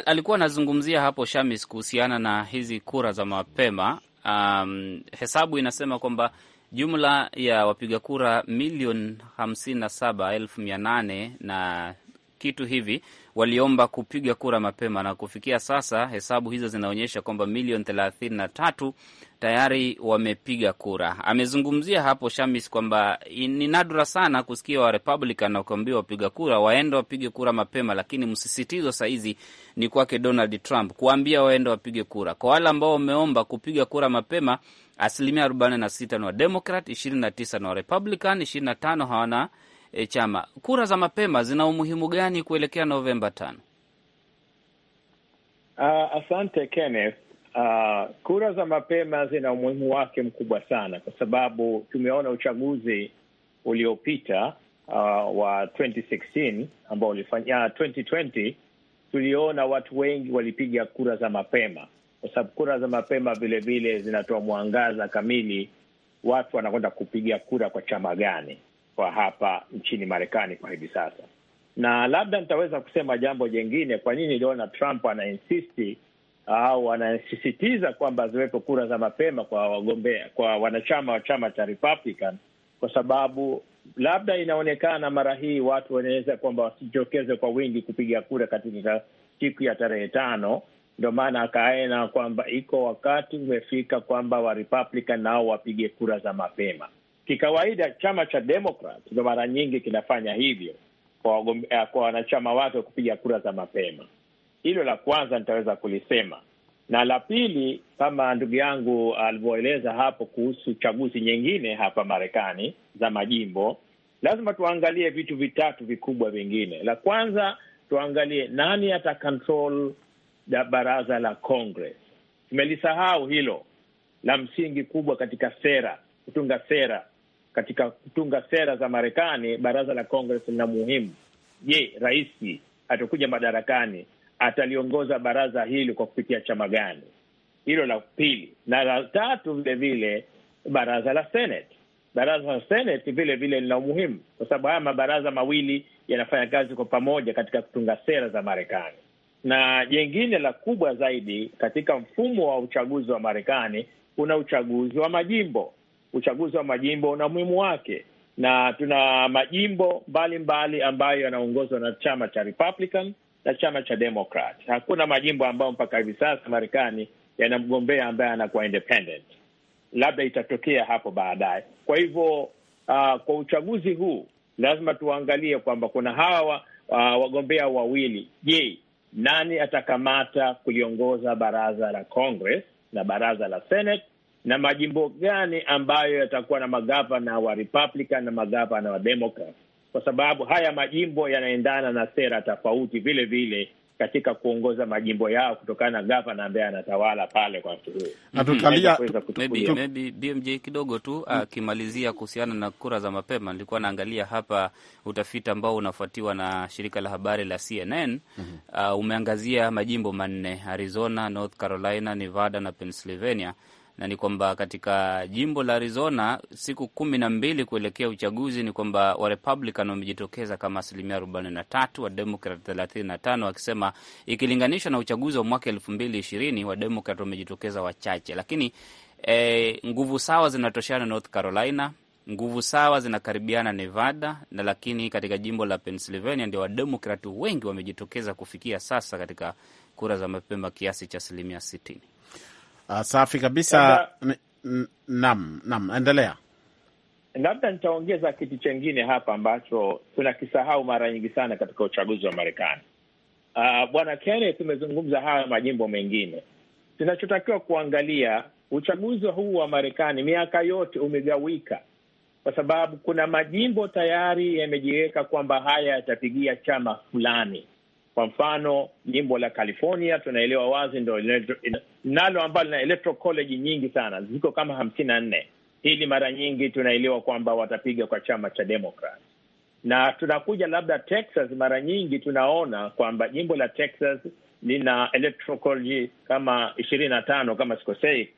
alikuwa anazungumzia hapo Shamis kuhusiana na hizi kura za mapema Um, hesabu inasema kwamba jumla ya wapiga kura milioni hamsini na saba elfu mia nane na kitu hivi waliomba kupiga kura mapema, na kufikia sasa hesabu hizo zinaonyesha kwamba milioni thelathini na tatu tayari wamepiga kura. Amezungumzia hapo Shamis kwamba ni nadra sana kusikia wa Republican wakiambia wapiga kura waende wapige kura mapema, lakini msisitizo sahizi ni kwake Donald Trump kuambia waende wapige kura. Kwa wale ambao wameomba kupiga kura mapema, asilimia 46 ni Wademokrat, 29 ni Warepublican, 25 hawana e, chama. Kura za mapema zina umuhimu gani kuelekea Novemba tano? Uh, asante Kenneth. Uh, kura za mapema zina umuhimu wake mkubwa sana kwa sababu tumeona uchaguzi uliopita uh, wa 2016 ambao ulifanya 2020 tuliona watu wengi walipiga kura za mapema, kwa sababu kura za mapema vilevile zinatoa mwangaza kamili, watu wanakwenda kupiga kura kwa chama gani kwa hapa nchini Marekani kwa hivi sasa. Na labda nitaweza kusema jambo jengine, kwa nini niliona Trump anainsisti au anasisitiza kwamba ziwepo kura za mapema kwa wagombea, kwa wanachama wa chama cha Republican, kwa sababu labda inaonekana mara hii watu wanaweza kwamba wasijitokeze kwa wingi kupiga kura katika siku ya tarehe tano. Ndio maana akaena kwamba iko wakati umefika kwamba wa Republican nao wapige kura za mapema. Kikawaida chama cha Demokrat ndo mara nyingi kinafanya hivyo kwa, eh, kwa wanachama wake kupiga kura za mapema. Hilo la kwanza nitaweza kulisema, na la pili, kama ndugu yangu alivyoeleza hapo kuhusu chaguzi nyingine hapa Marekani za majimbo, lazima tuangalie vitu vitatu vikubwa vingine. La kwanza tuangalie nani ata control da baraza la Congress. Tumelisahau hilo la msingi kubwa katika sera, kutunga sera katika kutunga sera za Marekani, baraza la Congress lina muhimu. Je, rais atakuja madarakani ataliongoza baraza hili kwa kupitia chama gani? Hilo la pili. Na la tatu vilevile, baraza la Senate. Baraza la Senate vile vile lina umuhimu, kwa sababu haya mabaraza mawili yanafanya kazi kwa pamoja katika kutunga sera za Marekani. Na jengine la kubwa zaidi katika mfumo wa uchaguzi wa Marekani, kuna uchaguzi wa majimbo uchaguzi wa majimbo na umuhimu wake, na tuna majimbo mbalimbali mbali ambayo yanaongozwa na chama cha Republican na chama cha Democrat. Hakuna majimbo ambayo mpaka hivi sasa Marekani yana mgombea ambaye anakuwa independent, labda itatokea hapo baadaye. Kwa hivyo uh, kwa uchaguzi huu lazima tuangalie kwamba kuna hawa uh, wagombea wawili. Je, nani atakamata kuliongoza baraza la Congress na baraza la Senate na majimbo gani ambayo yatakuwa na magavana wa Republican na magavana wa Democrat, kwa sababu haya majimbo yanaendana na sera tofauti vile vile katika kuongoza majimbo yao kutokana na gavana ambaye anatawala pale kwa wakati huo. maybe, maybe BMJ kidogo tu mm. akimalizia kuhusiana na kura za mapema. Nilikuwa naangalia hapa utafiti ambao unafuatiwa na shirika la habari la CNN. mm -hmm. Uh, umeangazia majimbo manne Arizona, North Carolina, Nevada na Pennsylvania na ni kwamba katika jimbo la Arizona siku kumi na mbili kuelekea uchaguzi ni kwamba Warepublican wamejitokeza kama asilimia arobaini na tatu, Wademokrat thelathini na tano, wakisema ikilinganishwa na uchaguzi wa mwaka elfu mbili ishirini Wademokrat wamejitokeza wachache, lakini eh, nguvu sawa zinatoshana North Carolina nguvu sawa zinakaribiana Nevada na lakini katika jimbo la Pennsylvania ndio wademokrati wengi wamejitokeza kufikia sasa katika kura za mapema kiasi cha asilimia sitini. Uh, safi kabisa. Naam, naam, endelea. Labda nitaongeza kitu chengine hapa ambacho tunakisahau mara nyingi sana katika uchaguzi wa Marekani. Uh, bwana Kennedy, tumezungumza haya majimbo mengine. Tunachotakiwa kuangalia, uchaguzi huu wa Marekani miaka yote umegawika, kwa sababu kuna majimbo tayari yamejiweka kwamba haya yatapigia chama fulani kwa mfano jimbo la California tunaelewa wazi, ndo nalo ambalo lina electoral college nyingi sana, ziko kama hamsini na nne. Hili mara nyingi tunaelewa kwamba watapiga kwa chama cha Democrat, na tunakuja labda Texas, mara nyingi tunaona kwamba jimbo la Texas lina electoral college kama ishirini na tano kama sikosei,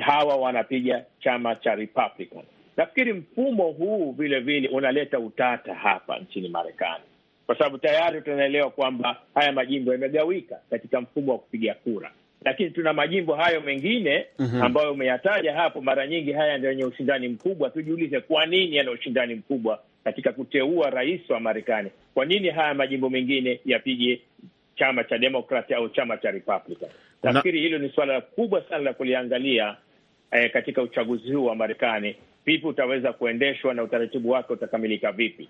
hawa wanapiga chama cha Republican. Nafikiri mfumo huu vile vile unaleta utata hapa nchini Marekani kwa sababu tayari tunaelewa kwamba haya majimbo yamegawika katika mfumo wa kupiga kura, lakini tuna majimbo hayo mengine mhm. ambayo umeyataja hapo. Mara nyingi haya ndio yenye ushindani mkubwa. Tujiulize, kwa nini yana ushindani mkubwa katika kuteua rais wa Marekani? Kwa nini haya majimbo mengine yapige chama cha Demokrat au chama cha Republican? Nafikiri hilo ni suala kubwa sana la kuliangalia eh, katika uchaguzi huu wa Marekani. Vipi utaweza kuendeshwa na utaratibu wake utakamilika vipi?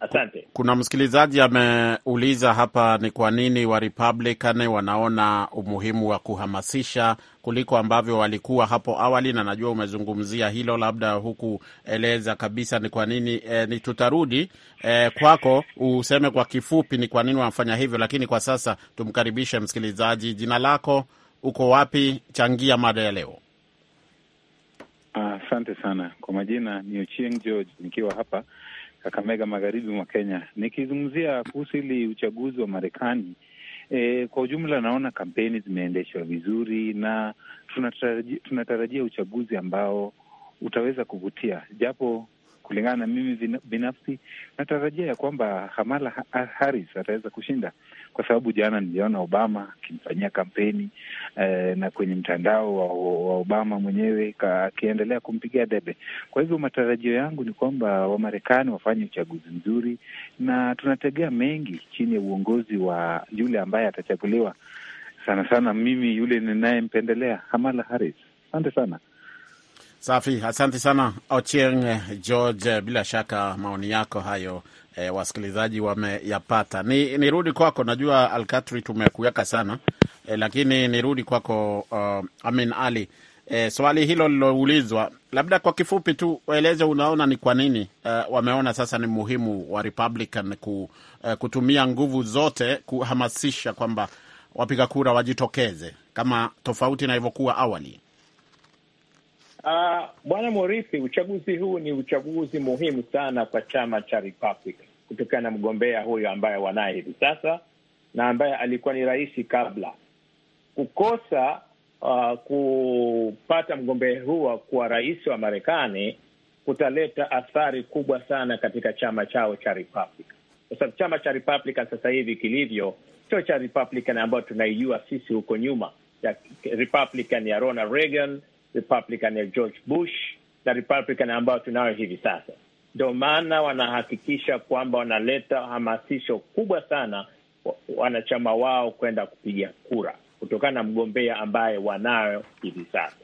Asante. Kuna msikilizaji ameuliza hapa ni kwa nini wa Republican wanaona umuhimu wa kuhamasisha kuliko ambavyo walikuwa hapo awali, na najua umezungumzia hilo, labda hukueleza kabisa ni kwa nini e, ni tutarudi e, kwako useme kwa kifupi ni kwa nini wanafanya hivyo, lakini kwa sasa tumkaribishe msikilizaji. Jina lako, uko wapi? Changia mada ya leo. Asante ah, sana kwa majina ni Ochieng George nikiwa hapa Kakamega, magharibi mwa Kenya. Nikizungumzia kuhusu hili uchaguzi wa Marekani, e, kwa ujumla naona kampeni zimeendeshwa vizuri na tunatarajia, tunatarajia uchaguzi ambao utaweza kuvutia, japo kulingana na mimi binafsi natarajia ya kwamba Kamala Harris ataweza kushinda, kwa sababu jana niliona Obama akimfanyia kampeni eh, na kwenye mtandao wa, wa Obama mwenyewe akiendelea kumpigia debe. Kwa hivyo matarajio yangu ni kwamba Wamarekani wafanye uchaguzi mzuri, na tunategea mengi chini ya uongozi wa yule ambaye atachaguliwa, sana sana mimi yule ninayempendelea Kamala Harris. Asante sana. Safi, asante sana Ochieng George, bila shaka maoni yako hayo e, wasikilizaji wameyapata. Ni nirudi kwako, najua Alkatri tumekuweka sana e, lakini nirudi kwako uh, Amin Ali e, swali hilo liloulizwa, labda kwa kifupi tu waeleze, unaona ni kwa nini uh, wameona sasa ni muhimu wa Republican ku, uh, kutumia nguvu zote kuhamasisha kwamba wapiga kura wajitokeze kama tofauti na ilivyokuwa awali. Uh, Bwana Morithi, uchaguzi huu ni uchaguzi muhimu sana kwa chama cha Republican kutokana na mgombea huyo ambaye wanaye hivi sasa na ambaye alikuwa ni rais kabla. Kukosa uh, kupata mgombea huo kuwa rais wa Marekani kutaleta athari kubwa sana katika chama chao cha Republican, kwa sababu chama cha Republican sasa hivi kilivyo sio cha Republican ambayo tunaijua sisi huko nyuma, ya Republican ya Ronald Reagan, Republican ya George Bush na Republican ambayo tunayo hivi sasa. Ndio maana wanahakikisha kwamba wanaleta hamasisho kubwa sana wanachama wao kwenda kupiga kura kutokana na mgombea ambaye wanayo hivi sasa,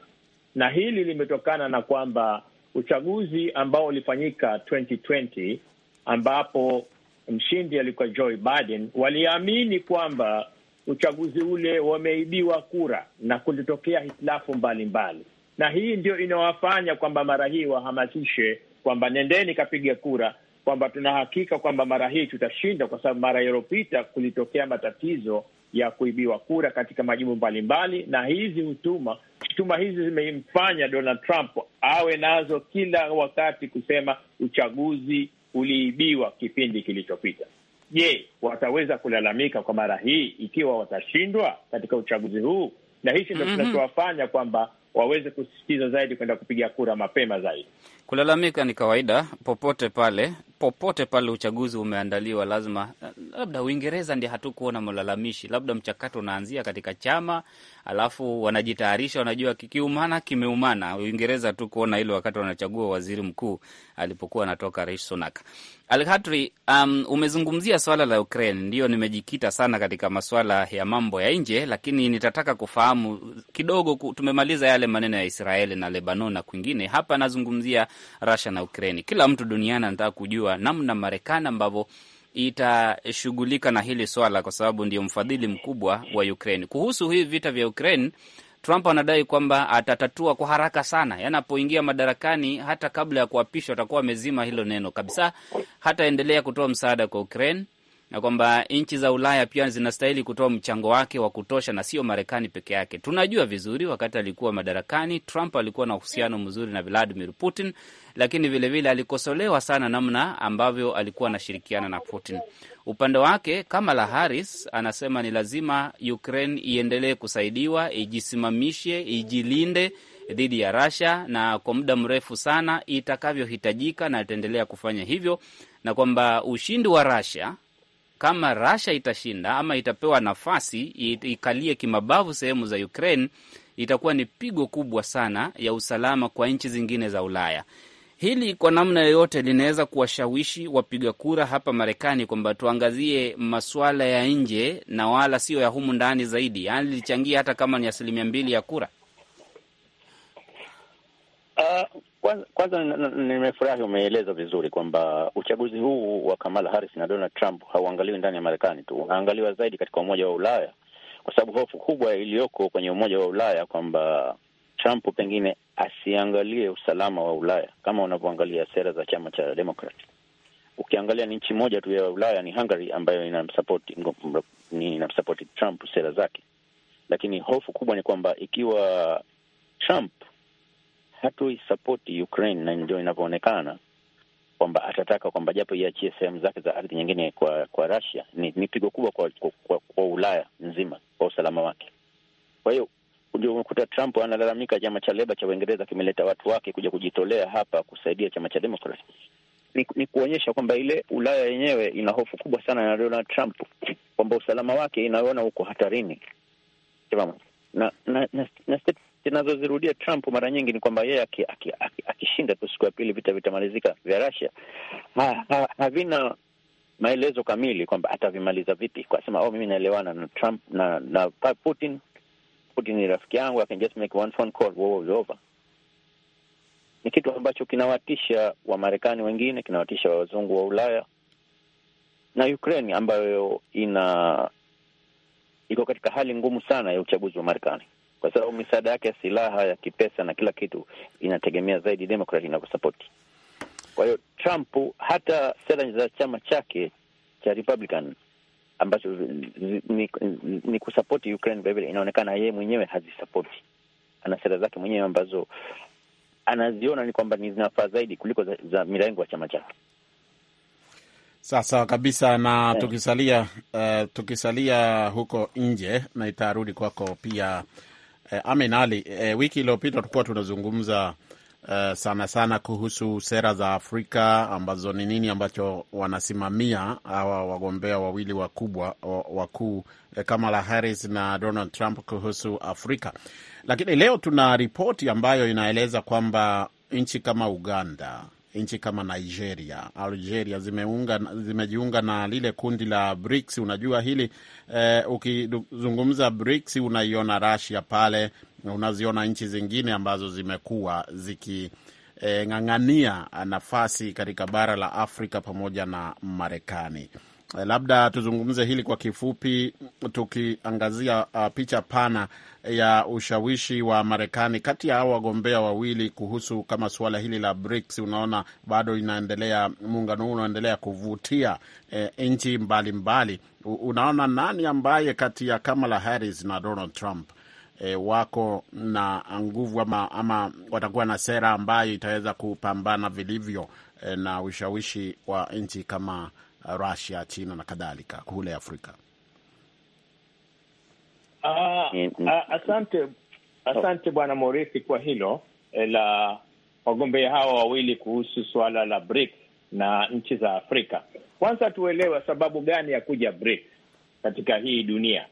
na hili limetokana na kwamba uchaguzi ambao ulifanyika 2020 ambapo mshindi alikuwa Joe Biden, waliamini kwamba uchaguzi ule wameibiwa kura na kulitokea hitilafu mbalimbali, na hii ndio inawafanya kwamba mara hii wahamasishe kwamba nendeni kapiga kura, kwamba tunahakika kwamba mara hii tutashinda, kwa sababu mara iliyopita kulitokea matatizo ya kuibiwa kura katika majimbo mbalimbali, na hizi hutuma shutuma hizi zimemfanya Donald Trump awe nazo kila wakati kusema uchaguzi uliibiwa kipindi kilichopita. Je, wataweza kulalamika kwa mara hii ikiwa watashindwa katika uchaguzi huu? Na hichi ndo mm -hmm. kinachowafanya kwamba waweze kusisitiza zaidi kwenda kupiga kura mapema zaidi. Kulalamika ni kawaida popote pale, popote pale uchaguzi umeandaliwa, lazima labda Uingereza ndi hatukuona mlalamishi, labda mchakato unaanzia katika chama, alafu wanajitayarisha, wanajua kikiumana kimeumana. Uingereza hatukuona hilo wakati wanachagua waziri mkuu alipokuwa anatoka Rishi Sunak. Alhatri, um, umezungumzia swala la Ukraine, ndiyo nimejikita sana katika maswala ya mambo ya nje, lakini nitataka kufahamu kidogo. Tumemaliza yale maneno ya Israeli na Lebanon na kwingine, hapa nazungumzia Russia na Ukraine. Kila mtu duniani anataka kujua namna Marekani ambavyo itashughulika na hili swala, kwa sababu ndio mfadhili mkubwa wa Ukraine. Kuhusu hii vita vya Ukraine, Trump anadai kwamba atatatua kwa haraka sana, yaani apoingia madarakani, hata kabla ya kuapishwa atakuwa amezima hilo neno kabisa, hataendelea kutoa msaada kwa Ukraine na kwamba nchi za Ulaya pia zinastahili kutoa mchango wake wa kutosha na sio Marekani peke yake. Tunajua vizuri wakati alikuwa madarakani, Trump alikuwa na uhusiano mzuri na Vladimir Putin, lakini vilevile alikosolewa sana namna ambavyo alikuwa anashirikiana na Putin. Upande wake, Kamala Harris anasema ni lazima Ukraine iendelee kusaidiwa, ijisimamishe, ijilinde dhidi ya Russia na kwa muda mrefu sana itakavyohitajika, na ataendelea kufanya hivyo, na kwamba ushindi wa Russia kama Russia itashinda ama itapewa nafasi ikalie kimabavu sehemu za Ukraine, itakuwa ni pigo kubwa sana ya usalama kwa nchi zingine za Ulaya. Hili kwa namna yoyote linaweza kuwashawishi wapiga kura hapa Marekani kwamba tuangazie masuala ya nje na wala sio ya humu ndani zaidi, yaani lilichangia hata kama ni asilimia mbili ya kura. Uh, kwanza, nimefurahi umeeleza vizuri kwamba uchaguzi huu wa Kamala Harris na Donald Trump hauangaliwi ndani ya Marekani tu, unaangaliwa zaidi katika Umoja wa Ulaya, kwa sababu hofu kubwa iliyoko kwenye Umoja wa Ulaya kwamba Trump pengine asiangalie usalama wa Ulaya kama unavyoangalia sera za chama cha demokrat Ukiangalia ni nchi moja tu ya Ulaya ni Hungary ambayo inamsapoti inamsapoti Trump sera zake, lakini hofu kubwa ni kwamba ikiwa Trump hatuisapoti Ukraine na ndio inavyoonekana kwamba atataka kwamba japo iachie sehemu zake za ardhi nyingine kwa kwa Russia, ni, ni pigo kubwa kwa, kwa, kwa, kwa Ulaya nzima kwa usalama wake. Kwa hiyo ndio umekuta Trump analalamika chama cha leba cha Uingereza kimeleta watu wake kuja kujitolea hapa kusaidia chama cha Democrat. Ni, ni kuonyesha kwamba ile Ulaya yenyewe ina hofu kubwa sana na Donald Trump kwamba usalama wake inaona uko hatarini na, na, na, na na zinazozirudia Trump mara nyingi ni kwamba yeye akishinda tu siku ya pili vita vitamalizika vya Russia, havina ha, ha, maelezo kamili kwamba atavimaliza vipi, kwa sema oh, mimi naelewana na Trump na na Putin, Putin ni rafiki yangu, I can just make one phone call, war is over. Ni kitu ambacho kinawatisha Wamarekani wengine, kinawatisha wazungu wa Ulaya na Ukraine ambayo ina iko katika hali ngumu sana ya uchaguzi wa Marekani kwa sababu misaada yake ya silaha ya kipesa na kila kitu inategemea zaidi Demokrat inavyosapoti. Kwa hiyo Trump hata sera za chama chake cha Republican ambacho ni, ni kusapoti Ukraine vilevile, inaonekana yeye mwenyewe hazisapoti. Ana sera zake mwenyewe ambazo anaziona ni kwamba ni zinafaa zaidi kuliko za, za mirengo ya chama chake. Sawasawa kabisa na yeah. Tukisalia uh, tukisalia huko nje na itarudi kwako pia eh, Amin Ali, eh, wiki iliyopita tulikuwa tunazungumza eh, sana sana kuhusu sera za Afrika ambazo ni nini ambacho wanasimamia hawa wagombea wawili wakubwa wakuu eh, Kamala Harris na Donald Trump kuhusu Afrika, lakini leo tuna ripoti ambayo inaeleza kwamba nchi kama Uganda nchi kama Nigeria, Algeria zimeunga, zimejiunga na lile kundi la BRICS. Unajua hili eh, ukizungumza BRICS unaiona Russia pale, unaziona nchi zingine ambazo zimekuwa ziki eh, ng'ang'ania nafasi katika bara la Afrika pamoja na Marekani. Eh, labda tuzungumze hili kwa kifupi, tukiangazia uh, picha pana ya ushawishi wa Marekani kati ya hao wagombea wawili kuhusu kama suala hili la BRICS, unaona bado inaendelea, muungano huu unaendelea kuvutia eh, nchi mbalimbali. Unaona nani ambaye kati ya Kamala Harris na Donald Trump E, wako na nguvu ama, ama watakuwa na sera ambayo itaweza kupambana vilivyo e, na ushawishi wa nchi kama Russia, China na kadhalika kule Afrika? Ah, mm, mm. ah asante asante Bwana Morithi kwa hilo eh, la wagombea hawa wawili kuhusu suala la BRICS na nchi za Afrika. Kwanza tuelewa sababu gani ya kuja BRICS katika hii dunia.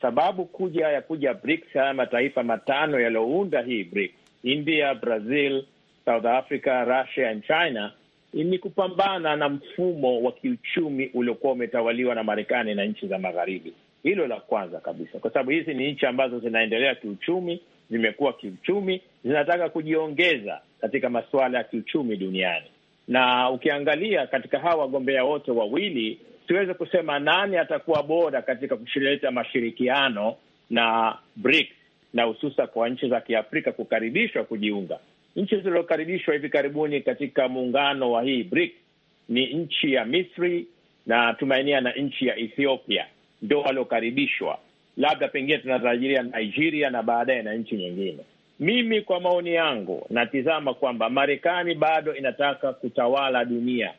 Sababu kuja ya kuja BRICS, haya mataifa matano yaliyounda hii BRICS, India, Brazil, South Africa, Russia and China ni kupambana na mfumo wa kiuchumi uliokuwa umetawaliwa na Marekani na nchi za Magharibi. Hilo la kwanza kabisa, kwa sababu hizi ni nchi ambazo zinaendelea kiuchumi, zimekuwa kiuchumi, zinataka kujiongeza katika masuala ya kiuchumi duniani. Na ukiangalia katika hawa wagombea wote wawili, siweze kusema nani atakuwa bora katika kuleta mashirikiano na BRICS, na hususa kwa nchi za Kiafrika kukaribishwa kujiunga Nchi zilizokaribishwa hivi karibuni katika muungano wa hii BRIC ni nchi ya Misri na tumainia na nchi ya Ethiopia ndio waliokaribishwa, labda pengine tunatarajiria Nigeria na baadaye na nchi nyingine. Mimi kwa maoni yangu natizama kwamba Marekani bado inataka kutawala dunia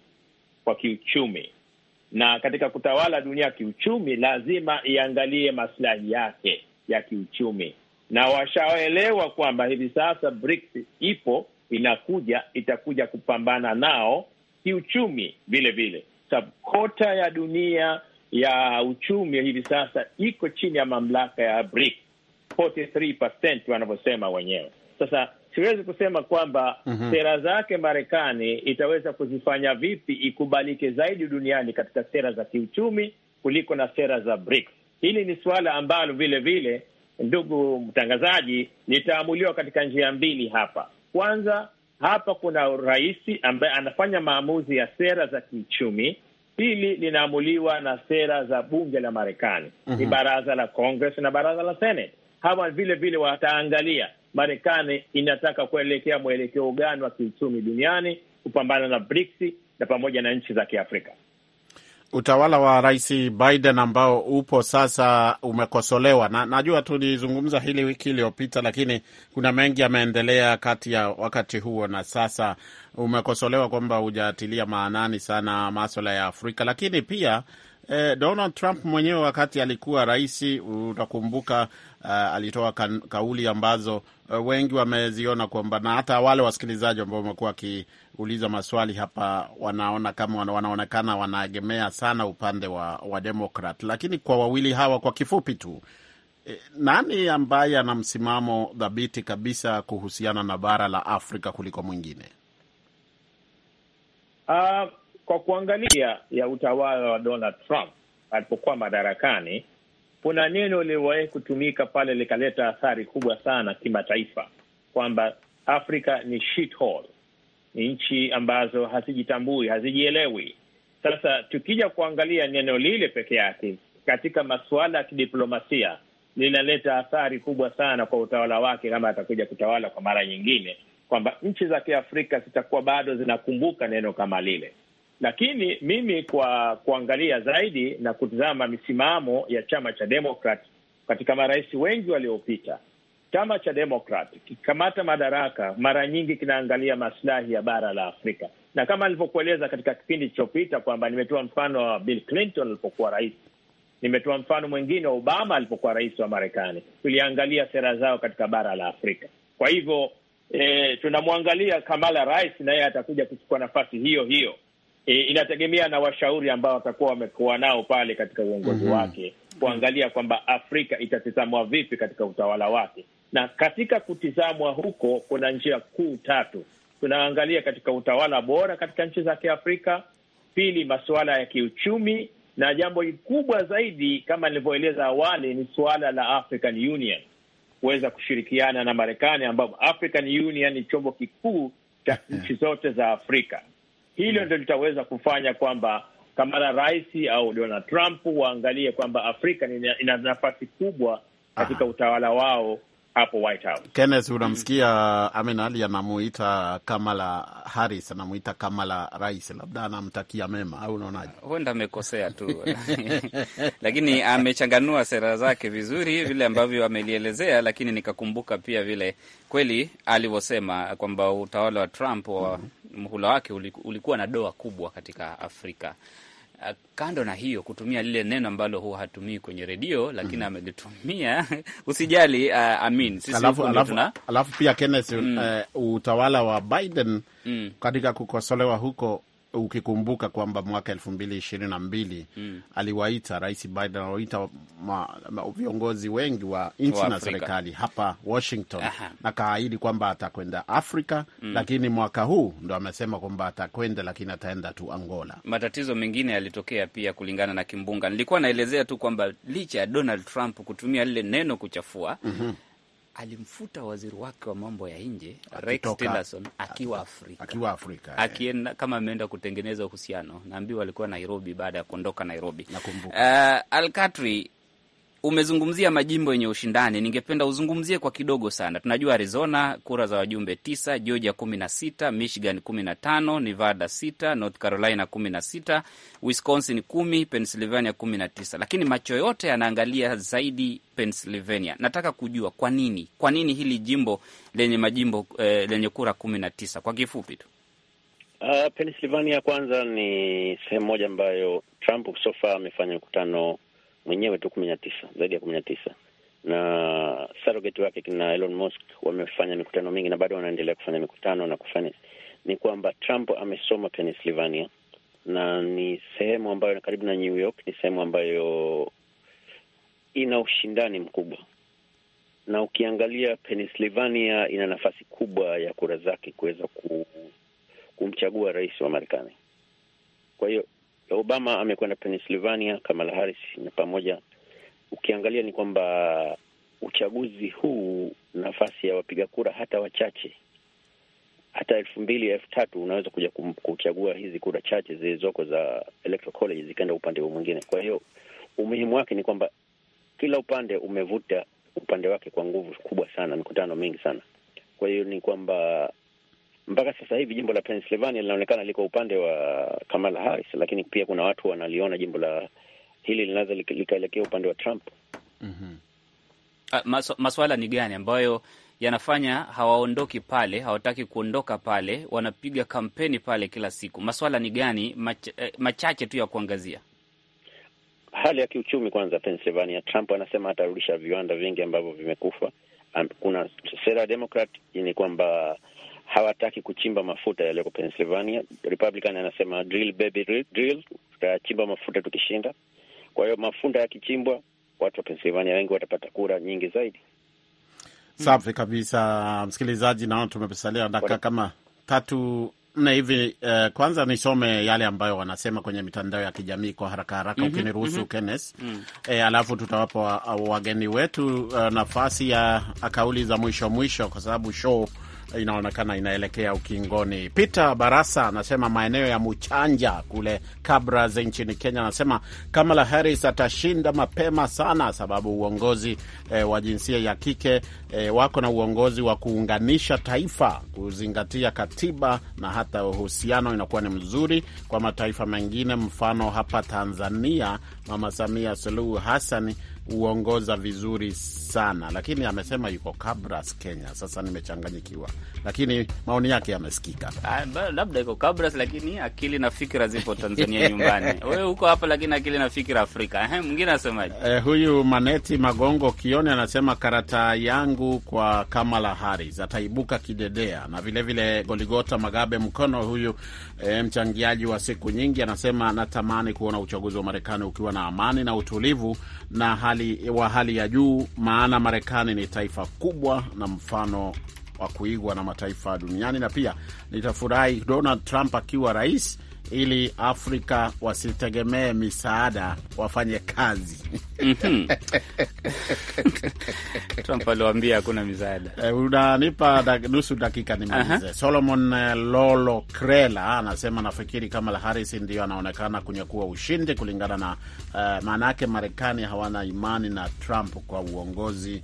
kwa kiuchumi, na katika kutawala dunia kiuchumi lazima iangalie masilahi yake ya kiuchumi na washaelewa kwamba hivi sasa BRICS ipo inakuja, itakuja kupambana nao kiuchumi vile vile, sababu kota ya dunia ya uchumi hivi sasa iko chini ya mamlaka ya BRICS 43% wanavyosema wenyewe. Sasa siwezi kusema kwamba mm -hmm. sera zake Marekani itaweza kuzifanya vipi ikubalike zaidi duniani katika sera za kiuchumi kuliko na sera za BRICS. Hili ni suala ambalo vile vile ndugu mtangazaji, litaamuliwa katika njia mbili hapa. Kwanza, hapa kuna rais ambaye anafanya maamuzi ya sera za kiuchumi. Pili, linaamuliwa na sera za bunge la Marekani, ni uh mhm. -huh. baraza la Congress na baraza la Senate. Hawa vile vile wataangalia Marekani inataka kuelekea mwelekeo gani wa kiuchumi duniani, kupambana na BRICS na pamoja na nchi za Kiafrika utawala wa Rais Biden ambao upo sasa umekosolewa na najua tulizungumza hili wiki iliyopita, lakini kuna mengi yameendelea kati ya wakati huo na sasa. Umekosolewa kwamba hujatilia maanani sana maswala ya Afrika, lakini pia eh, Donald Trump mwenyewe wakati alikuwa rais, utakumbuka uh, alitoa kan, kauli ambazo uh, wengi wameziona kwamba na hata wale wasikilizaji ambao wamekuwa wakiuliza maswali hapa wanaona kama wanaonekana wanaegemea sana upande wa, wa Demokrat, lakini kwa wawili hawa kwa kifupi tu eh, nani ambaye ana msimamo dhabiti kabisa kuhusiana na bara la Afrika kuliko mwingine? Uh, kwa kuangalia ya utawala wa Donald Trump alipokuwa madarakani, kuna neno liliwahi kutumika pale likaleta athari kubwa sana kimataifa, kwamba Afrika ni shithole, ni nchi ambazo hazijitambui, hazijielewi. Sasa tukija kuangalia neno lile peke yake katika masuala ya kidiplomasia linaleta athari kubwa sana kwa utawala wake, kama atakuja kutawala kwa mara nyingine, kwamba nchi za Kiafrika zitakuwa bado zinakumbuka neno kama lile. Lakini mimi kwa kuangalia zaidi na kutizama misimamo ya chama cha demokrat katika marais wengi waliopita, chama cha Demokrat kikamata madaraka mara nyingi kinaangalia masilahi ya bara la Afrika, na kama alivyokueleza katika kipindi kilichopita kwamba nimetoa mfano wa Bill Clinton alipokuwa rais, nimetoa mfano mwingine wa Obama alipokuwa rais wa Marekani. Tuliangalia sera zao katika bara la Afrika. Kwa hivyo e, tunamwangalia Kamala Harris, naye atakuja kuchukua nafasi hiyo hiyo inategemea na washauri ambao watakuwa wamekuwa nao pale katika uongozi mm -hmm. wake kuangalia kwamba Afrika itatizamwa vipi katika utawala wake. Na katika kutizamwa huko kuna njia kuu tatu tunaangalia katika utawala bora katika nchi za Kiafrika, pili masuala ya kiuchumi, na jambo kubwa zaidi kama nilivyoeleza awali ni suala la African Union kuweza kushirikiana na Marekani, ambapo African Union ni chombo kikuu cha eh. nchi zote za Afrika. Hilo mm. ndio litaweza kufanya kwamba Kamala Rais au Donald Trump waangalie kwamba Afrika ina nafasi kubwa katika utawala wao hapo White House. Kenneth, unamsikia Amin Ali anamuita Kamala Harris, anamuita Kamala rais, labda anamtakia mema au unaonaje? Huenda amekosea tu <laughs> lakini amechanganua sera zake vizuri vile ambavyo amelielezea, lakini nikakumbuka pia vile kweli alivyosema kwamba utawala wa Trump wa mhula mhm. wake ulikuwa na doa kubwa katika Afrika Ah, kando na hiyo kutumia lile neno ambalo huwa hatumii kwenye redio lakini mm -hmm. amelitumia <laughs> usijali. Uh, amin sisi alafu, alafu, tuna... alafu pia Kenneth mm. uh, utawala wa Biden mm. katika kukosolewa huko ukikumbuka kwamba mwaka elfu mbili ishirini na mbili mm. aliwaita Rais Biden aliwaita viongozi wengi wa nchi na serikali hapa Washington Aha. na kaahidi kwamba atakwenda Afrika mm. lakini mwaka huu ndo amesema kwamba atakwenda, lakini ataenda tu Angola. Matatizo mengine yalitokea pia kulingana na kimbunga. Nilikuwa naelezea tu kwamba licha ya Donald Trump kutumia lile neno kuchafua mm -hmm alimfuta waziri wake wa mambo ya nje Rex Tillerson akiwa Afrika, akiwa Afrika eh. akienda kama ameenda kutengeneza uhusiano. Naambiwa alikuwa Nairobi baada ya kuondoka Nairobi. Nakumbuka uh, eh, Alkatri umezungumzia majimbo yenye ushindani, ningependa uzungumzie kwa kidogo sana. Tunajua Arizona kura za wajumbe tisa, Georgia kumi na sita, Michigan kumi na tano, Nevada sita, North Carolina kumi na sita, Wisconsin kumi, Pennsylvania kumi na tisa, lakini macho yote yanaangalia zaidi Pennsylvania. Nataka kujua kwa nini, kwa nini hili jimbo lenye majimbo eh, lenye kura kumi na tisa? Kwa kifupi tu uh, Pennsylvania kwanza ni sehemu moja ambayo Trump so far amefanya mkutano mwenyewe tu kumi na tisa, zaidi ya kumi na tisa na surrogate wake kina Elon Musk wamefanya mikutano mingi na bado wanaendelea kufanya mikutano na kufanya ni kwamba Trump amesoma Pennsylvania na ni sehemu ambayo karibu na New York, ni sehemu ambayo ina ushindani mkubwa, na ukiangalia Pennsylvania ina nafasi kubwa ya kura zake kuweza kumchagua rais wa Marekani. Kwa hiyo Obama amekwenda Pennsylvania, Kamala Harris na pamoja. Ukiangalia ni kwamba uchaguzi huu, nafasi ya wapiga kura hata wachache, hata elfu mbili elfu tatu unaweza kuja kuchagua hizi kura chache zilizoko za electoral college zikaenda upande mwingine. Kwa hiyo umuhimu wake ni kwamba kila upande umevuta upande wake kwa nguvu kubwa sana, mikutano mingi sana. Kwa hiyo ni kwamba mpaka sasa hivi jimbo la Pennsylvania linaonekana liko upande wa Kamala Harris, lakini pia kuna watu wanaliona jimbo la hili linaweza likaelekea upande wa Trump. mm -hmm. maso, maswala ni gani ambayo yanafanya hawaondoki pale, hawataki kuondoka pale, wanapiga kampeni pale kila siku? Maswala ni gani mach, eh, machache tu ya kuangazia? Hali ya kiuchumi kwanza Pennsylvania. Trump anasema atarudisha viwanda vingi ambavyo vimekufa. Kuna sera ya demokrat ni kwamba hawataki kuchimba mafuta yaliyoko Pennsylvania. Republican anasema drill baby drill, tutachimba mafuta tukishinda. Kwa hiyo mafuta yakichimbwa, watu wa Pennsylvania wengi watapata kura nyingi zaidi. Safi kabisa, msikilizaji, naona tumesalia dakika kama tatu nne hivi. Eh, kwanza nisome yale ambayo wanasema kwenye mitandao ya kijamii kwa haraka haraka, mhm, mhm. mm -hmm, ukiniruhusu mm -hmm, mm -hmm. Eh, alafu tutawapa wageni wetu uh, nafasi ya ah, kauli za mwisho mwisho, kwa sababu show inaonekana inaelekea ukingoni. Peter Barasa anasema maeneo ya Muchanja kule Kabras nchini Kenya, anasema Kamala Harris atashinda mapema sana, sababu uongozi e, wa jinsia ya kike e, wako na uongozi wa kuunganisha taifa, kuzingatia katiba na hata uhusiano inakuwa ni mzuri kwa mataifa mengine, mfano hapa Tanzania, Mama Samia Suluhu Hassan huongoza vizuri sana, lakini amesema yuko Kabras, Kenya. Sasa nimechanganyikiwa, lakini maoni yake yamesikika. Ah, labda iko Kabras, lakini akili na fikira zipo Tanzania nyumbani. <laughs> Wewe huko hapa, lakini akili na fikira Afrika. Mwingine anasemaje? Eh, huyu Maneti Magongo Kioni anasema karata yangu kwa Kamala Harris, ataibuka kidedea na vilevile vile Goligota Magabe Mkono, huyu e, mchangiaji wa siku nyingi anasema anatamani kuona uchaguzi wa Marekani ukiwa na amani na utulivu na hali, wa hali ya juu, maana Marekani ni taifa kubwa na mfano wa kuigwa na mataifa duniani, na pia nitafurahi Donald Trump akiwa rais ili Afrika wasitegemee misaada, wafanye kazi <laughs> Mm-hmm. Trump aliwaambia hakuna misaada. Uh, unanipa da, nusu dakika nimalize. uh -huh. Solomon eh, Lolo Krela anasema nafikiri Kamala Harris ndio anaonekana kunyakua ushindi kulingana na uh, maana yake Marekani hawana imani na Trump kwa uongozi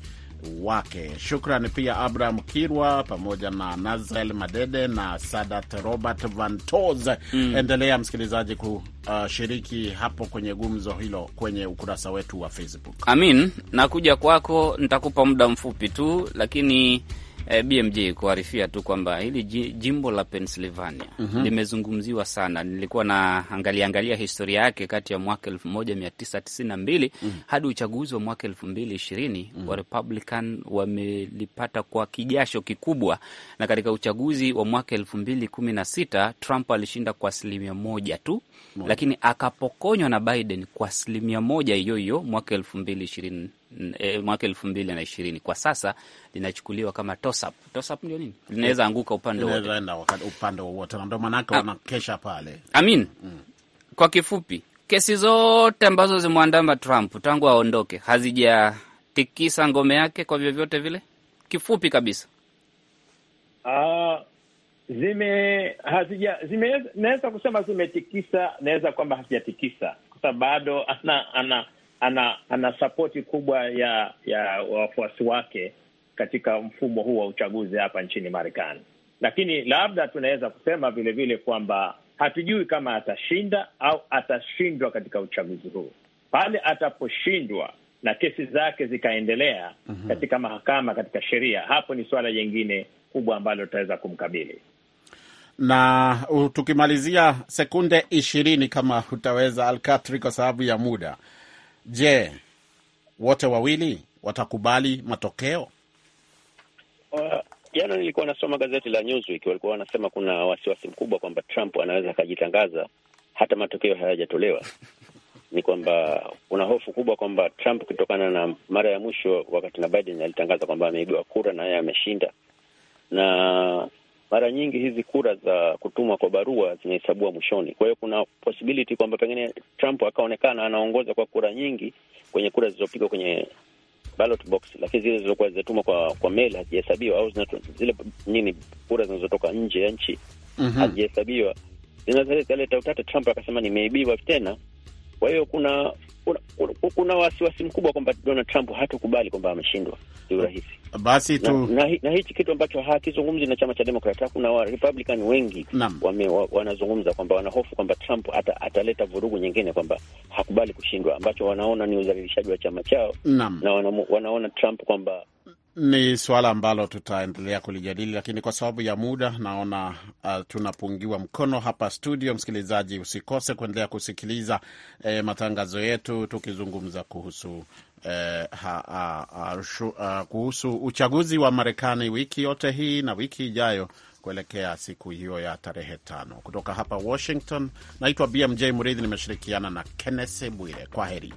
wake. Shukran pia Abraham Kirwa pamoja na Nazel Madede na Sadat Robert Vantos. Mm. Endelea msikilizaji kushiriki uh, hapo kwenye gumzo hilo kwenye ukurasa wetu wa Facebook. Amin, nakuja kwako, nitakupa muda mfupi tu, lakini eh, BMJ kuarifia tu kwamba hili jimbo la Pennsylvania mm -hmm. limezungumziwa sana. Nilikuwa na angalia angalia historia yake kati ya mwaka elfu moja mia tisa tisini na mbili mm -hmm. hadi uchaguzi wa mwaka elfu mbili ishirini mm -hmm. wa Republican wamelipata kwa kijasho kikubwa, na katika uchaguzi wa mwaka elfu mbili kumi na sita Trump alishinda kwa asilimia moja tu mm lakini akapokonywa na Biden kwa asilimia moja hiyo hiyo mwaka elfu mbili ishirini Eh, mwaka elfu mbili na ishirini kwa sasa linachukuliwa kama tosap. Tosap ndio nini? Eh, linaweza anguka upande wowote, upande wowote, na ndio maanake ah. wanakesha pale. Amin, mm. Kwa kifupi, kesi zote ambazo zimwandama Trump tangu aondoke hazijatikisa ngome yake kwa vyovyote vile. Kifupi kabisa, uh, zime hazija kusema zimetikisa, naweza kwamba hazijatikisa, kwa sababu bado ana ana ana ana sapoti kubwa ya ya wafuasi wake katika mfumo huu wa uchaguzi hapa nchini Marekani, lakini labda tunaweza kusema vilevile kwamba hatujui kama atashinda au atashindwa katika uchaguzi huu. Pale ataposhindwa na kesi zake zikaendelea mhm. katika mahakama, katika sheria, hapo ni suala jingine kubwa ambalo tutaweza kumkabili na tukimalizia sekunde ishirini kama utaweza Alkatri, kwa sababu ya muda Je, wote wawili watakubali matokeo? Uh, jana nilikuwa nasoma gazeti la Newsweek, walikuwa wanasema kuna wasiwasi mkubwa kwamba Trump anaweza akajitangaza hata matokeo hayajatolewa. Ni kwamba kuna hofu kubwa kwamba Trump, kutokana na mara ya mwisho wakati na Biden alitangaza kwamba ameibiwa kura na yeye ameshinda, na mara nyingi hizi kura za kutumwa kwa barua zinahesabiwa mwishoni. Kwa hiyo kuna possibility kwamba pengine Trump akaonekana anaongoza kwa kura nyingi kwenye kura zilizopigwa kwenye ballot box, lakini zile zilizokuwa zinatumwa kwa kwa mail hazijahesabiwa, au zile nini kura zinazotoka nje ya nchi mm -hmm. hazijahesabiwa, zinaweza kaleta utata. Trump akasema nimeibiwa tena kwa hiyo kuna kuna, kuna wasiwasi mkubwa kwamba Donald Trump hatakubali kwamba ameshindwa kiurahisi. Basi tu na, na, na hichi kitu ambacho hakizungumzi na chama cha Demokrat. Kuna wa Republican wengi wame, wa, wanazungumza kwamba wanahofu kwamba Trump ata, ataleta vurugu nyingine kwamba hakubali kushindwa, ambacho wanaona ni udhalilishaji wa chama chao na wana, wanaona Trump kwamba ni suala ambalo tutaendelea kulijadili, lakini kwa sababu ya muda naona uh, tunapungiwa mkono hapa studio. Msikilizaji, usikose kuendelea kusikiliza eh, matangazo yetu tukizungumza kuhusu eh, ha, ha, ha, shu, uh, kuhusu uchaguzi wa Marekani wiki yote hii na wiki ijayo kuelekea siku hiyo ya tarehe tano. Kutoka hapa Washington, naitwa BMJ Murithi, nimeshirikiana na Kenneth Bwire. Kwa heri.